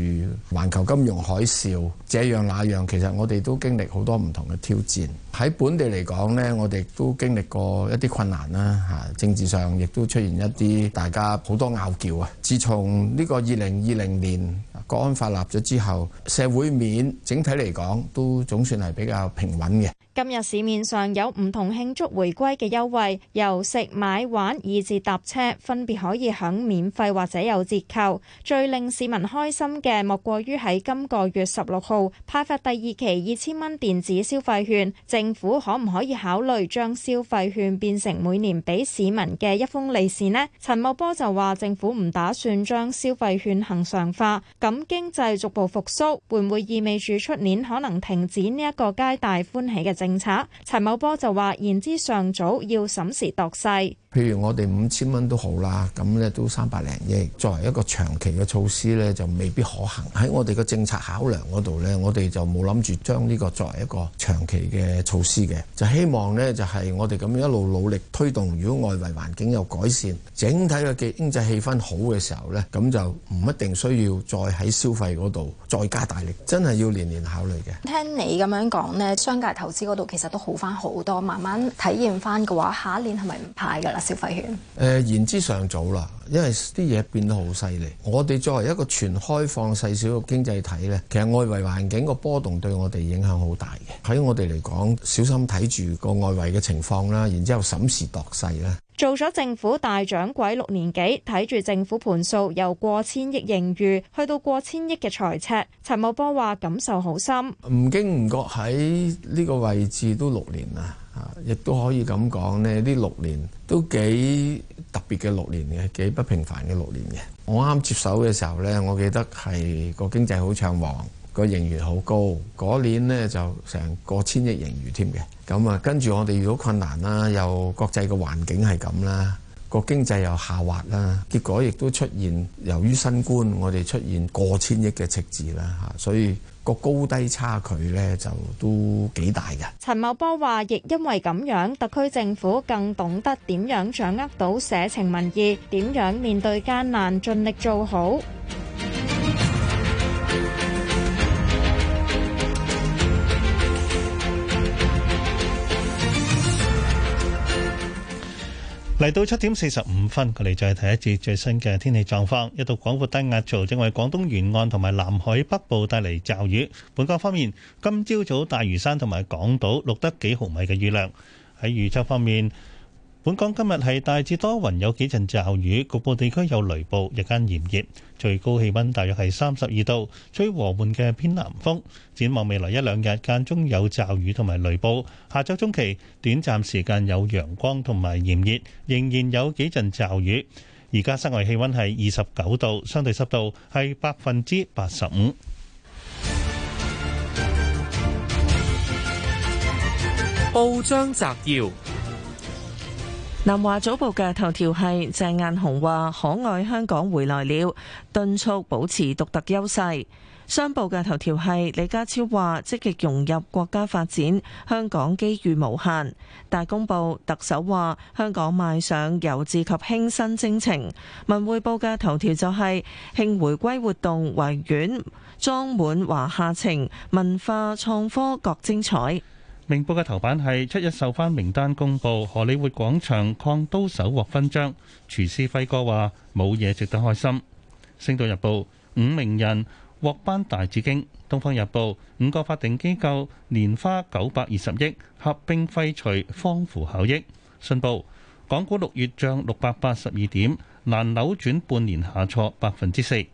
環球金融海嘯，這樣那樣，其實我哋都經歷好多唔同嘅挑戰。喺本地嚟講呢，我哋都經歷過一啲困難啦嚇，政治上亦都出現一啲大家好多拗撬啊。自從呢個二零二零年，國安法立咗之後，社會面整體嚟講都總算係比較平穩嘅。今日市面上有唔同慶祝回歸嘅優惠，由食買玩以至搭車分別可以享免費或者有折扣。最令市民開心嘅莫過於喺今個月十六號派發第二期二千蚊電子消費券。政府可唔可以考慮將消費券變成每年俾市民嘅一封利是呢？陳茂波就話：政府唔打算將消費券恆常化。咁經濟逐步復甦，會唔會意味住出年可能停止呢一個皆大歡喜嘅政策，陳茂波就話言之尚早要，要審時度勢。譬如我哋五千蚊都好啦，咁咧都三百零億，作為一個長期嘅措施咧，就未必可行。喺我哋嘅政策考量嗰度咧，我哋就冇諗住將呢個作為一個長期嘅措施嘅。就希望咧，就係、是、我哋咁一路努力推動。如果外圍環境有改善，整體嘅經濟氣氛好嘅時候咧，咁就唔一定需要再喺消費嗰度再加大力。真係要年年考慮嘅。聽你咁樣講咧，商界投資嗰度其實都好翻好多。慢慢體驗翻嘅話，下一年係咪唔派㗎啦？消費券誒、呃、言之尚早啦，因為啲嘢變得好犀利。我哋作為一個全開放細小嘅經濟體咧，其實外圍環境個波動對我哋影響好大嘅。喺我哋嚟講，小心睇住個外圍嘅情況啦，然之後審時度勢啦。做咗政府大掌櫃六年幾，睇住政府盤數由過千億盈餘去到過千億嘅財赤，陳茂波話感受好深。唔經唔覺喺呢個位置都六年啦。亦都可以咁講呢，呢六年都幾特別嘅六年嘅，幾不平凡嘅六年嘅。我啱接手嘅時候呢，我記得係個經濟好暢旺，個盈餘好高，嗰年呢，就成個千億盈餘添嘅。咁啊，跟住我哋遇到困難啦，又國際嘅環境係咁啦，個經濟又下滑啦，結果亦都出現由於新冠，我哋出現過千億嘅赤字啦嚇，所以。個高低差距呢就都幾大㗎。陳茂波話，亦因為咁樣，特區政府更懂得點樣掌握到社情民意，點樣面對艱難，盡力做好。嚟到七點四十五分，佢哋再睇一節最新嘅天氣狀況。一道廣闊低壓槽正為廣東沿岸同埋南海北部帶嚟驟雨。本港方面，今朝早大嶼山同埋港島錄得幾毫米嘅雨量。喺預測方面。本港今日係大致多雲，有幾陣驟雨，局部地區有雷暴，日間炎熱，最高氣温大約係三十二度，吹和緩嘅偏南風。展望未來一兩日，間中有驟雨同埋雷暴。下周中期短暫時間有陽光同埋炎熱，仍然有幾陣驟雨。而家室外氣温係二十九度，相對濕度係百分之八十五。報章摘要。南華早報嘅頭條係鄭雁雄話：可愛香港回來了，敦促保持獨特優勢。商報嘅頭條係李家超話：積極融入國家發展，香港機遇無限。大公報特首話：香港邁上由治及興新征程。文匯報嘅頭條就係、是、慶回歸活動為院，圍院裝滿華夏情，文化創科各精彩。明報嘅頭版係七日授勳名單公布，荷里活廣場抗刀手獲勳章。廚師輝哥話冇嘢值得開心。星島日報五名人獲頒大紫荊。東方日報五個法定機構年花九百二十億合併廢除，方符效益。信報港股六月漲六百八十二點，難扭轉半年下挫百分之四。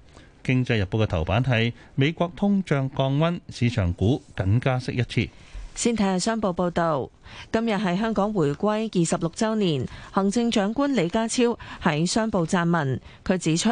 經濟日報嘅頭版係美國通脹降溫，市場估僅加息一次。先睇下商報報導。今日係香港回歸二十六周年，行政長官李家超喺商報撰文，佢指出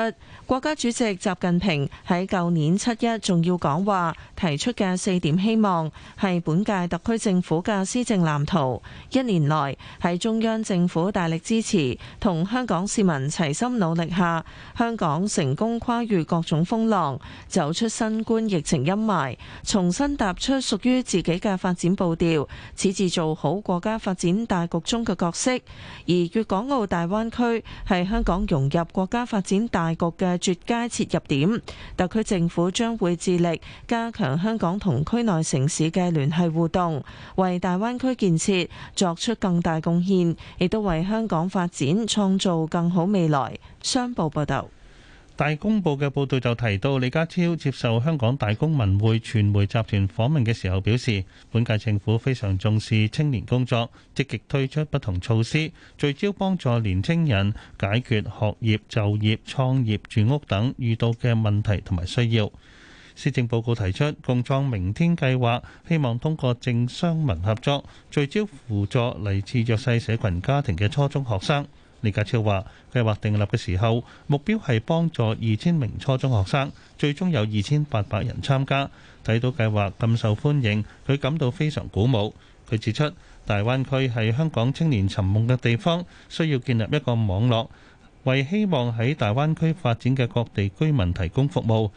國家主席習近平喺舊年七一重要講話提出嘅四點希望係本屆特區政府嘅施政藍圖。一年來喺中央政府大力支持同香港市民齊心努力下，香港成功跨越各種風浪，走出新冠疫情陰霾，重新踏出屬於自己嘅發展步調，此治做好好國家發展大局中嘅角色，而粵港澳大灣區係香港融入國家發展大局嘅絕佳切入點。特區政府將會致力加強香港同區內城市嘅聯繫互動，為大灣區建設作出更大貢獻，亦都為香港發展創造更好未來。商報報道。大公報嘅報導就提到，李家超接受香港大公文匯傳媒集團訪問嘅時候表示，本屆政府非常重視青年工作，積極推出不同措施，聚焦幫助年輕人解決學業、就業、創業、住屋等遇到嘅問題同埋需要。施政報告提出共創明天計劃，希望通過政商民合作，聚焦輔助嚟自弱勢社群家庭嘅初中學生。李家超話：計劃訂立嘅時候，目標係幫助二千名初中學生，最終有二千八百人參加。睇到計劃咁受歡迎，佢感到非常鼓舞。佢指出，大灣區係香港青年尋夢嘅地方，需要建立一個網絡，為希望喺大灣區發展嘅各地居民提供服務。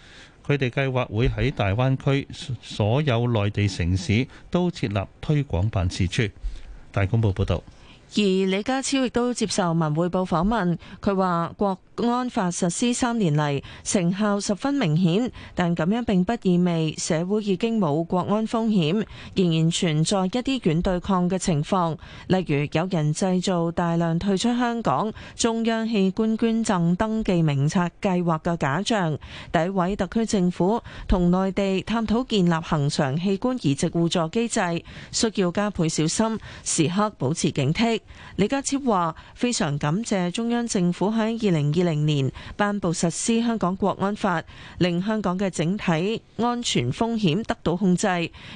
佢哋計劃會喺大灣區所有內地城市都設立推廣辦事處。大公報報道。而李家超亦都接受文匯報訪問，佢話國。國安法實施三年嚟，成效十分明顯，但咁樣並不意味社會已經冇國安風險，仍然存在一啲軟對抗嘅情況。例如有人製造大量退出香港中央器官捐贈登，登記名冊計劃嘅假象，詆毀特區政府同內地探討建立恆常器官移植互助機制，需要加倍小心，時刻保持警惕。李家超話非常感謝中央政府喺二零二零。明年頒布實施香港國安法，令香港嘅整體安全風險得到控制。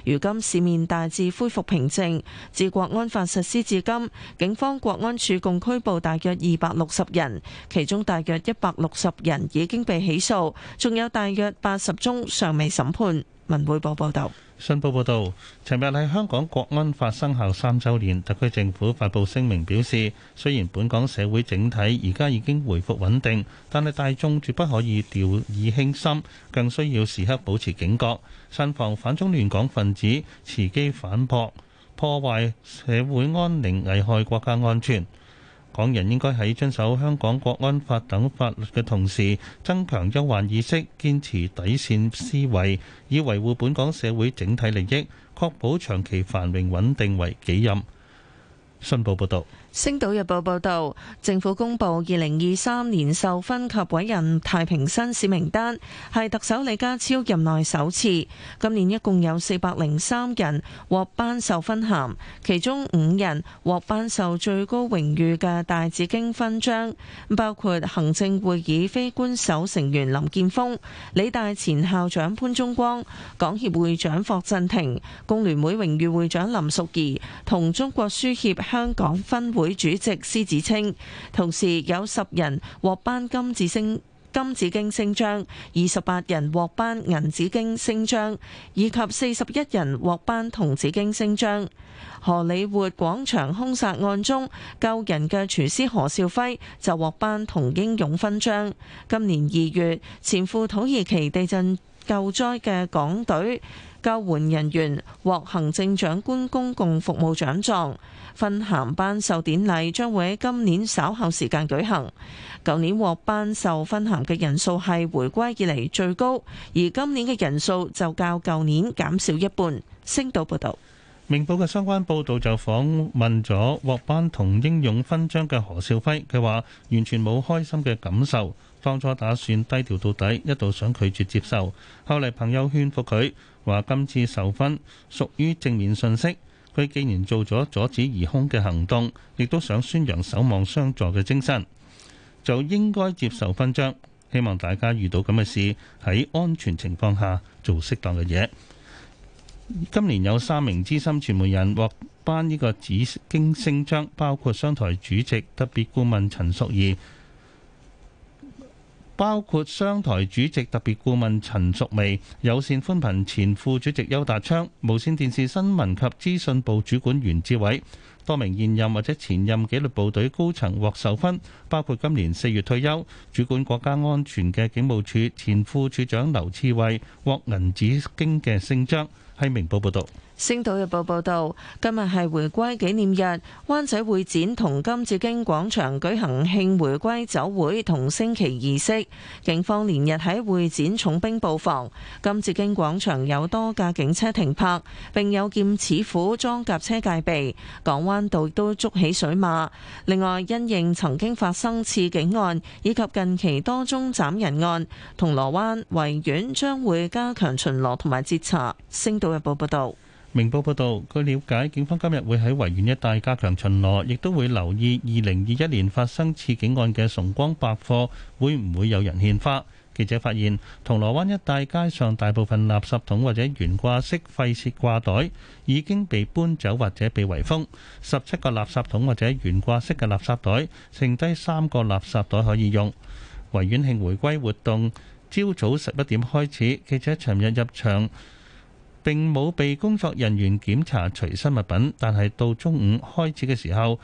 如今市面大致恢復平靜。自國安法實施至今，警方國安處共拘捕大約二百六十人，其中大約一百六十人已經被起訴，仲有大約八十宗尚未審判。文匯報報道。信報報導，尋日喺香港國安法生效三週年，特區政府發佈聲明表示，雖然本港社會整體而家已經回復穩定，但係大眾絕不可以掉以輕心，更需要時刻保持警覺，慎防反中亂港分子伺機反撲，破壞社會安寧，危害國家安全。港人應該喺遵守香港國安法等法律嘅同時，增強憂患意識，堅持底線思維，以維護本港社會整體利益，確保長期繁榮穩定為己任。新報報導。《星島日報》報導，政府公布二零二三年授勛及委任太平紳士名單，係特首李家超任內首次。今年一共有四百零三人獲頒授勛銜，其中五人獲頒授最高榮譽嘅大紫荊勳章，包括行政會議非官守成員林建峰、理大前校長潘忠光、港協會長霍振廷、工聯會榮譽會長林淑儀同中國書協香港分會會主席施子清，同時有十人獲頒金紫星金紫荊星章，二十八人獲頒銀紫荊星章，以及四十一人獲頒銅紫荊星章。荷里活廣場凶殺案中救人嘅廚師何少輝就獲頒銅英勇勳章。今年二月，前赴土耳其地震救災嘅港隊救援人員獲行政長官公共服務獎狀。勳銜頒授典禮將會喺今年稍後時間舉行。舊年獲頒授勳銜嘅人數係回歸以嚟最高，而今年嘅人數就較舊年減少一半。星島報道，明報嘅相關報道就訪問咗獲頒同英勇勳章嘅何少輝，佢話完全冇開心嘅感受，當初打算低調到底，一度想拒絕接受，後嚟朋友勸服佢，話今次授勳屬於正面信息。佢既然做咗阻止疑兇嘅行動，亦都想宣揚守望相助嘅精神，就應該接受勳章。希望大家遇到咁嘅事喺安全情況下做適當嘅嘢。今年有三名資深傳媒人獲頒呢個紫荊星章，包括商台主席特別顧問陳淑儀。包括商台主席特別顧問陳淑薇、有線寬頻前副主席邱達昌、無線電視新聞及資訊部主管袁志偉，多名現任或者前任紀律部隊高層獲授勳，包括今年四月退休主管國家安全嘅警務處前副處長劉志偉獲銀紫荊嘅星章。係明報報道。星島日報報道，今日係回歸紀念日，灣仔會展同金紫荊廣場舉行慶回歸酒會同升旗儀式。警方連日喺會展重兵布防，金紫荊廣場有多架警車停泊，並有劍齒虎裝甲車戒備。港灣道都，都捉起水馬。另外，因應曾經發生刺警案以及近期多宗斬人案，銅鑼灣維園將會加強巡邏同埋截查。星島日報報道。明報報導，據了解，警方今日會喺維園一帶加強巡邏，亦都會留意二零二一年發生刺警案嘅崇光百貨會唔會有人獻花。記者發現，銅鑼灣一帶街上大部分垃圾桶或者懸掛式廢屑掛袋已經被搬走或者被圍封，十七個垃圾桶或者懸掛式嘅垃圾袋，剩低三個垃圾袋可以用。維園慶回歸活動，朝早十一點開始。記者尋日入場，並冇被工作人員檢查隨身物品，但係到中午開始嘅時候，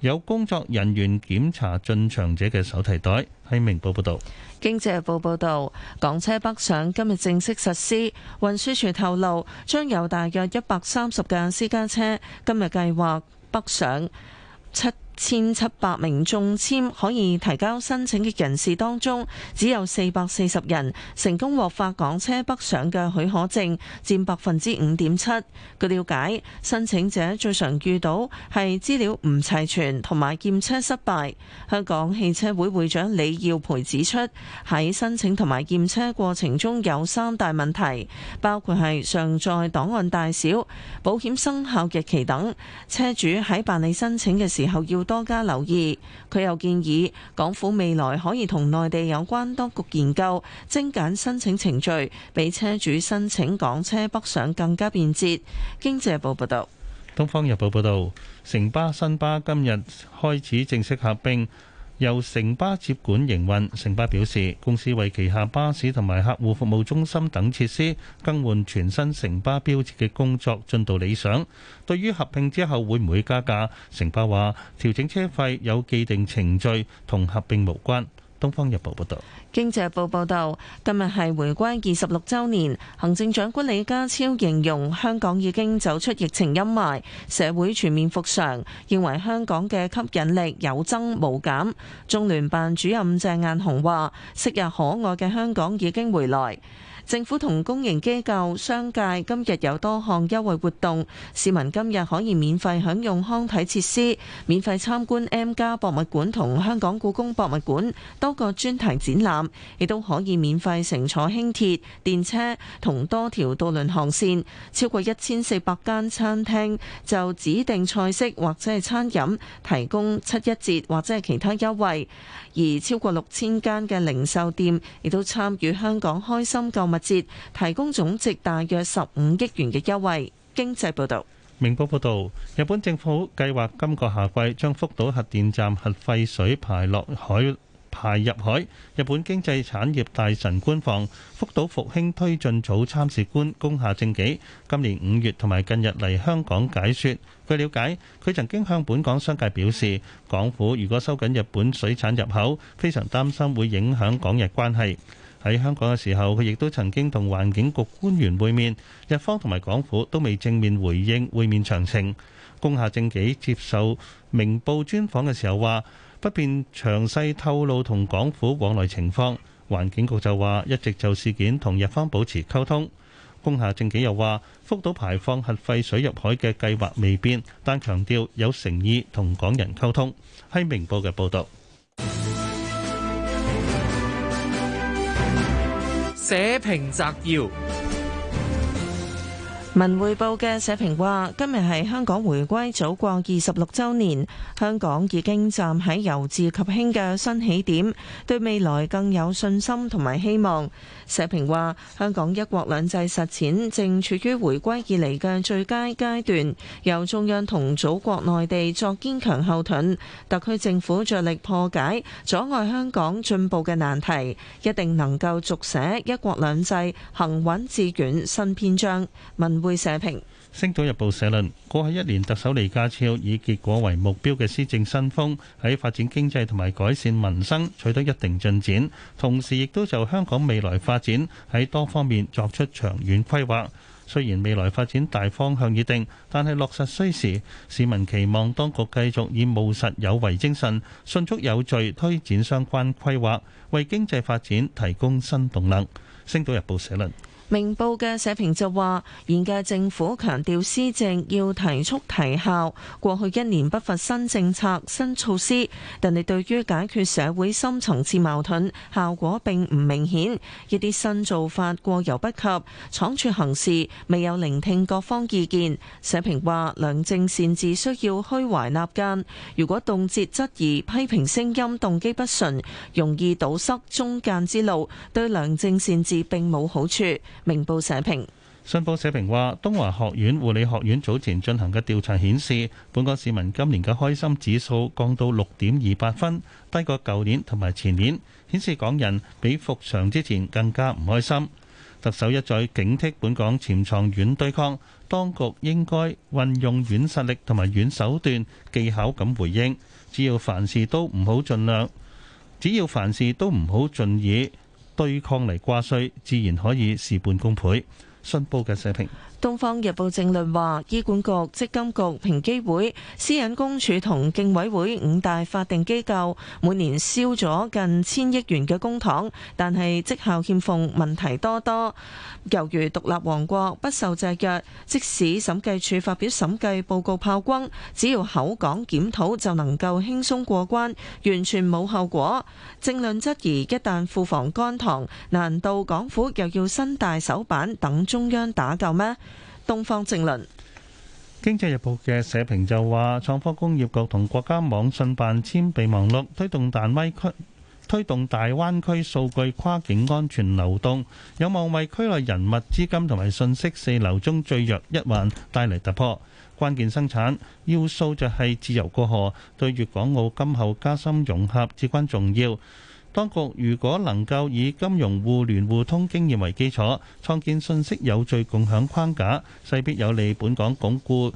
有工作人員檢查進場者嘅手提袋。喺明報報道，《經濟日報》報道：「港車北上今日正式實施，運輸署透露將有大約一百三十架私家車今日計劃北上七千七百名中籤可以提交申請嘅人士當中，只有四百四十人成功獲發港車北上嘅許可證，佔百分之五點七。據了解，申請者最常遇到係資料唔齊全同埋驗車失敗。香港汽車會會長李耀培指出，喺申請同埋驗車過程中有三大問題，包括係上載檔案大小、保險生效日期等。車主喺辦理申請嘅時候要多加留意，佢又建議港府未來可以同內地有關當局研究，精簡申請程序，俾車主申請港車北上更加便捷。《經濟日報》報道：《東方日報》報道，城巴新巴今日開始正式合併。由城巴接管營運，城巴表示公司為旗下巴士同埋客戶服務中心等設施更換全新城巴標誌嘅工作進度理想。對於合併之後會唔會加價，城巴話調整車費有既定程序，同合併無關。《東方日報》報導，《經濟日報》報導，今日係回歸二十六週年，行政長官李家超形容香港已經走出疫情陰霾，社會全面復常，認為香港嘅吸引力有增無減。中聯辦主任鄭雁雄話：昔日可愛嘅香港已經回來。政府同公營機構、商界今日有多項優惠活動，市民今日可以免費享用康體設施、免費參觀 M+ 博物館同香港故宮博物館多個專題展覽，亦都可以免費乘坐輕鐵、電車同多條渡輪航線。超過一千四百間餐廳就指定菜式或者係餐飲提供七一折或者係其他優惠。而超過六千間嘅零售店亦都參與香港開心購物節，提供總值大約十五億元嘅優惠。經濟報導。明報報道，日本政府計劃今個夏季將福島核電站核廢水排落海。排入海，日本經濟產業大臣官房福島復興推進組參事官宮下正己今年五月同埋近日嚟香港解説。據瞭解，佢曾經向本港商界表示，港府如果收緊日本水產入口，非常擔心會影響港日關係。喺香港嘅時候，佢亦都曾經同環境局官員會面，日方同埋港府都未正面回應會面詳情。宮下正己接受明報專訪嘅時候話。不便詳細透露同港府往來情況，環境局就話一直就事件同日方保持溝通。宮下政紀又話，福島排放核廢水入海嘅計劃未變，但強調有誠意同港人溝通。喺明報嘅報導。社評摘要。文匯報嘅社評話：今日係香港回歸祖國二十六周年，香港已經站喺由治及興嘅新起點，對未來更有信心同埋希望。社評話：香港一國兩制實踐正處於回歸以嚟嘅最佳階段，由中央同祖國內地作堅強後盾，特區政府着力破解阻礙香港進步嘅難題，一定能夠續寫一國兩制行穩致遠新篇章。文。會社評，《星島日報》社論：過去一年，特首李家超以結果為目標嘅施政新風，喺發展經濟同埋改善民生取得一定進展，同時亦都就香港未來發展喺多方面作出長遠規劃。雖然未來發展大方向已定，但係落實需時，市民期望當局繼續以務實有為精神、迅速有序推展相關規劃，為經濟發展提供新動能。《星島日報》社論。明報嘅社評就話：現屆政府強調施政要提速提效，過去一年不乏新政策、新措施，但係對於解決社會深層次矛盾效果並唔明顯。一啲新做法過猶不及，倉卒行事，未有聆聽各方意見。社評話：良政善治需要虛懷納諫，如果動輒質疑、批評聲音動機不純，容易堵塞中間之路，對良政善治並冇好處。明報社評，信報社評話，東華學院護理學院早前進行嘅調查顯示，本港市民今年嘅開心指數降到六點二八分，低過舊年同埋前年，顯示港人比復常之前更加唔開心。特首一再警惕本港潛藏軟對抗，當局應該運用軟實力同埋軟手段技巧咁回應，只要凡事都唔好盡量，只要凡事都唔好盡以對抗嚟掛稅，自然可以事半功倍。信報嘅社評。《東方日報正論》話：醫管局、積金局、平機會、私隱公署同競委會五大法定機構，每年燒咗近千億元嘅公帑，但係績效欠奉問題多多。由於獨立王國不受制約，即使審計署發表審計報告炮轟，只要口講檢討，就能夠輕鬆過關，完全冇效果。正論質疑：一旦庫房乾塘，難道港府又要伸大手板等中央打救咩？東方正論，《經濟日報》嘅社評就話：創科工業局同國家網信辦簽備忘錄，推動大灣區推動大灣區數據跨境安全流動，有望為區內人物資金同埋信息四流中最弱一環帶嚟突破。關鍵生產要素就係自由過河，對粵港澳今後加深融合至關重要。當局如果能夠以金融互聯互通經驗為基礎，創建信息有序共享框架，勢必有利本港鞏固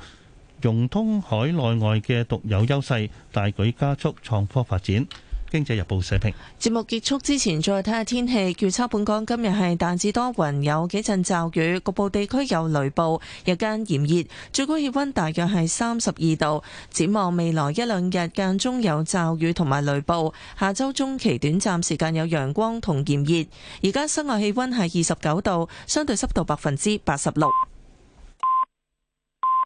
融通海內外嘅獨有優勢，大舉加速創科發展。《經濟日報》社評。節目結束之前再看看，再睇下天氣預測。本港今日係大致多雲，有幾陣驟雨，局部地區有雷暴，日間炎熱，最高氣温大約係三十二度。展望未來一兩日間中有驟雨同埋雷暴，下周中期短暫時間有陽光同炎熱。而家室外氣温係二十九度，相對濕度百分之八十六。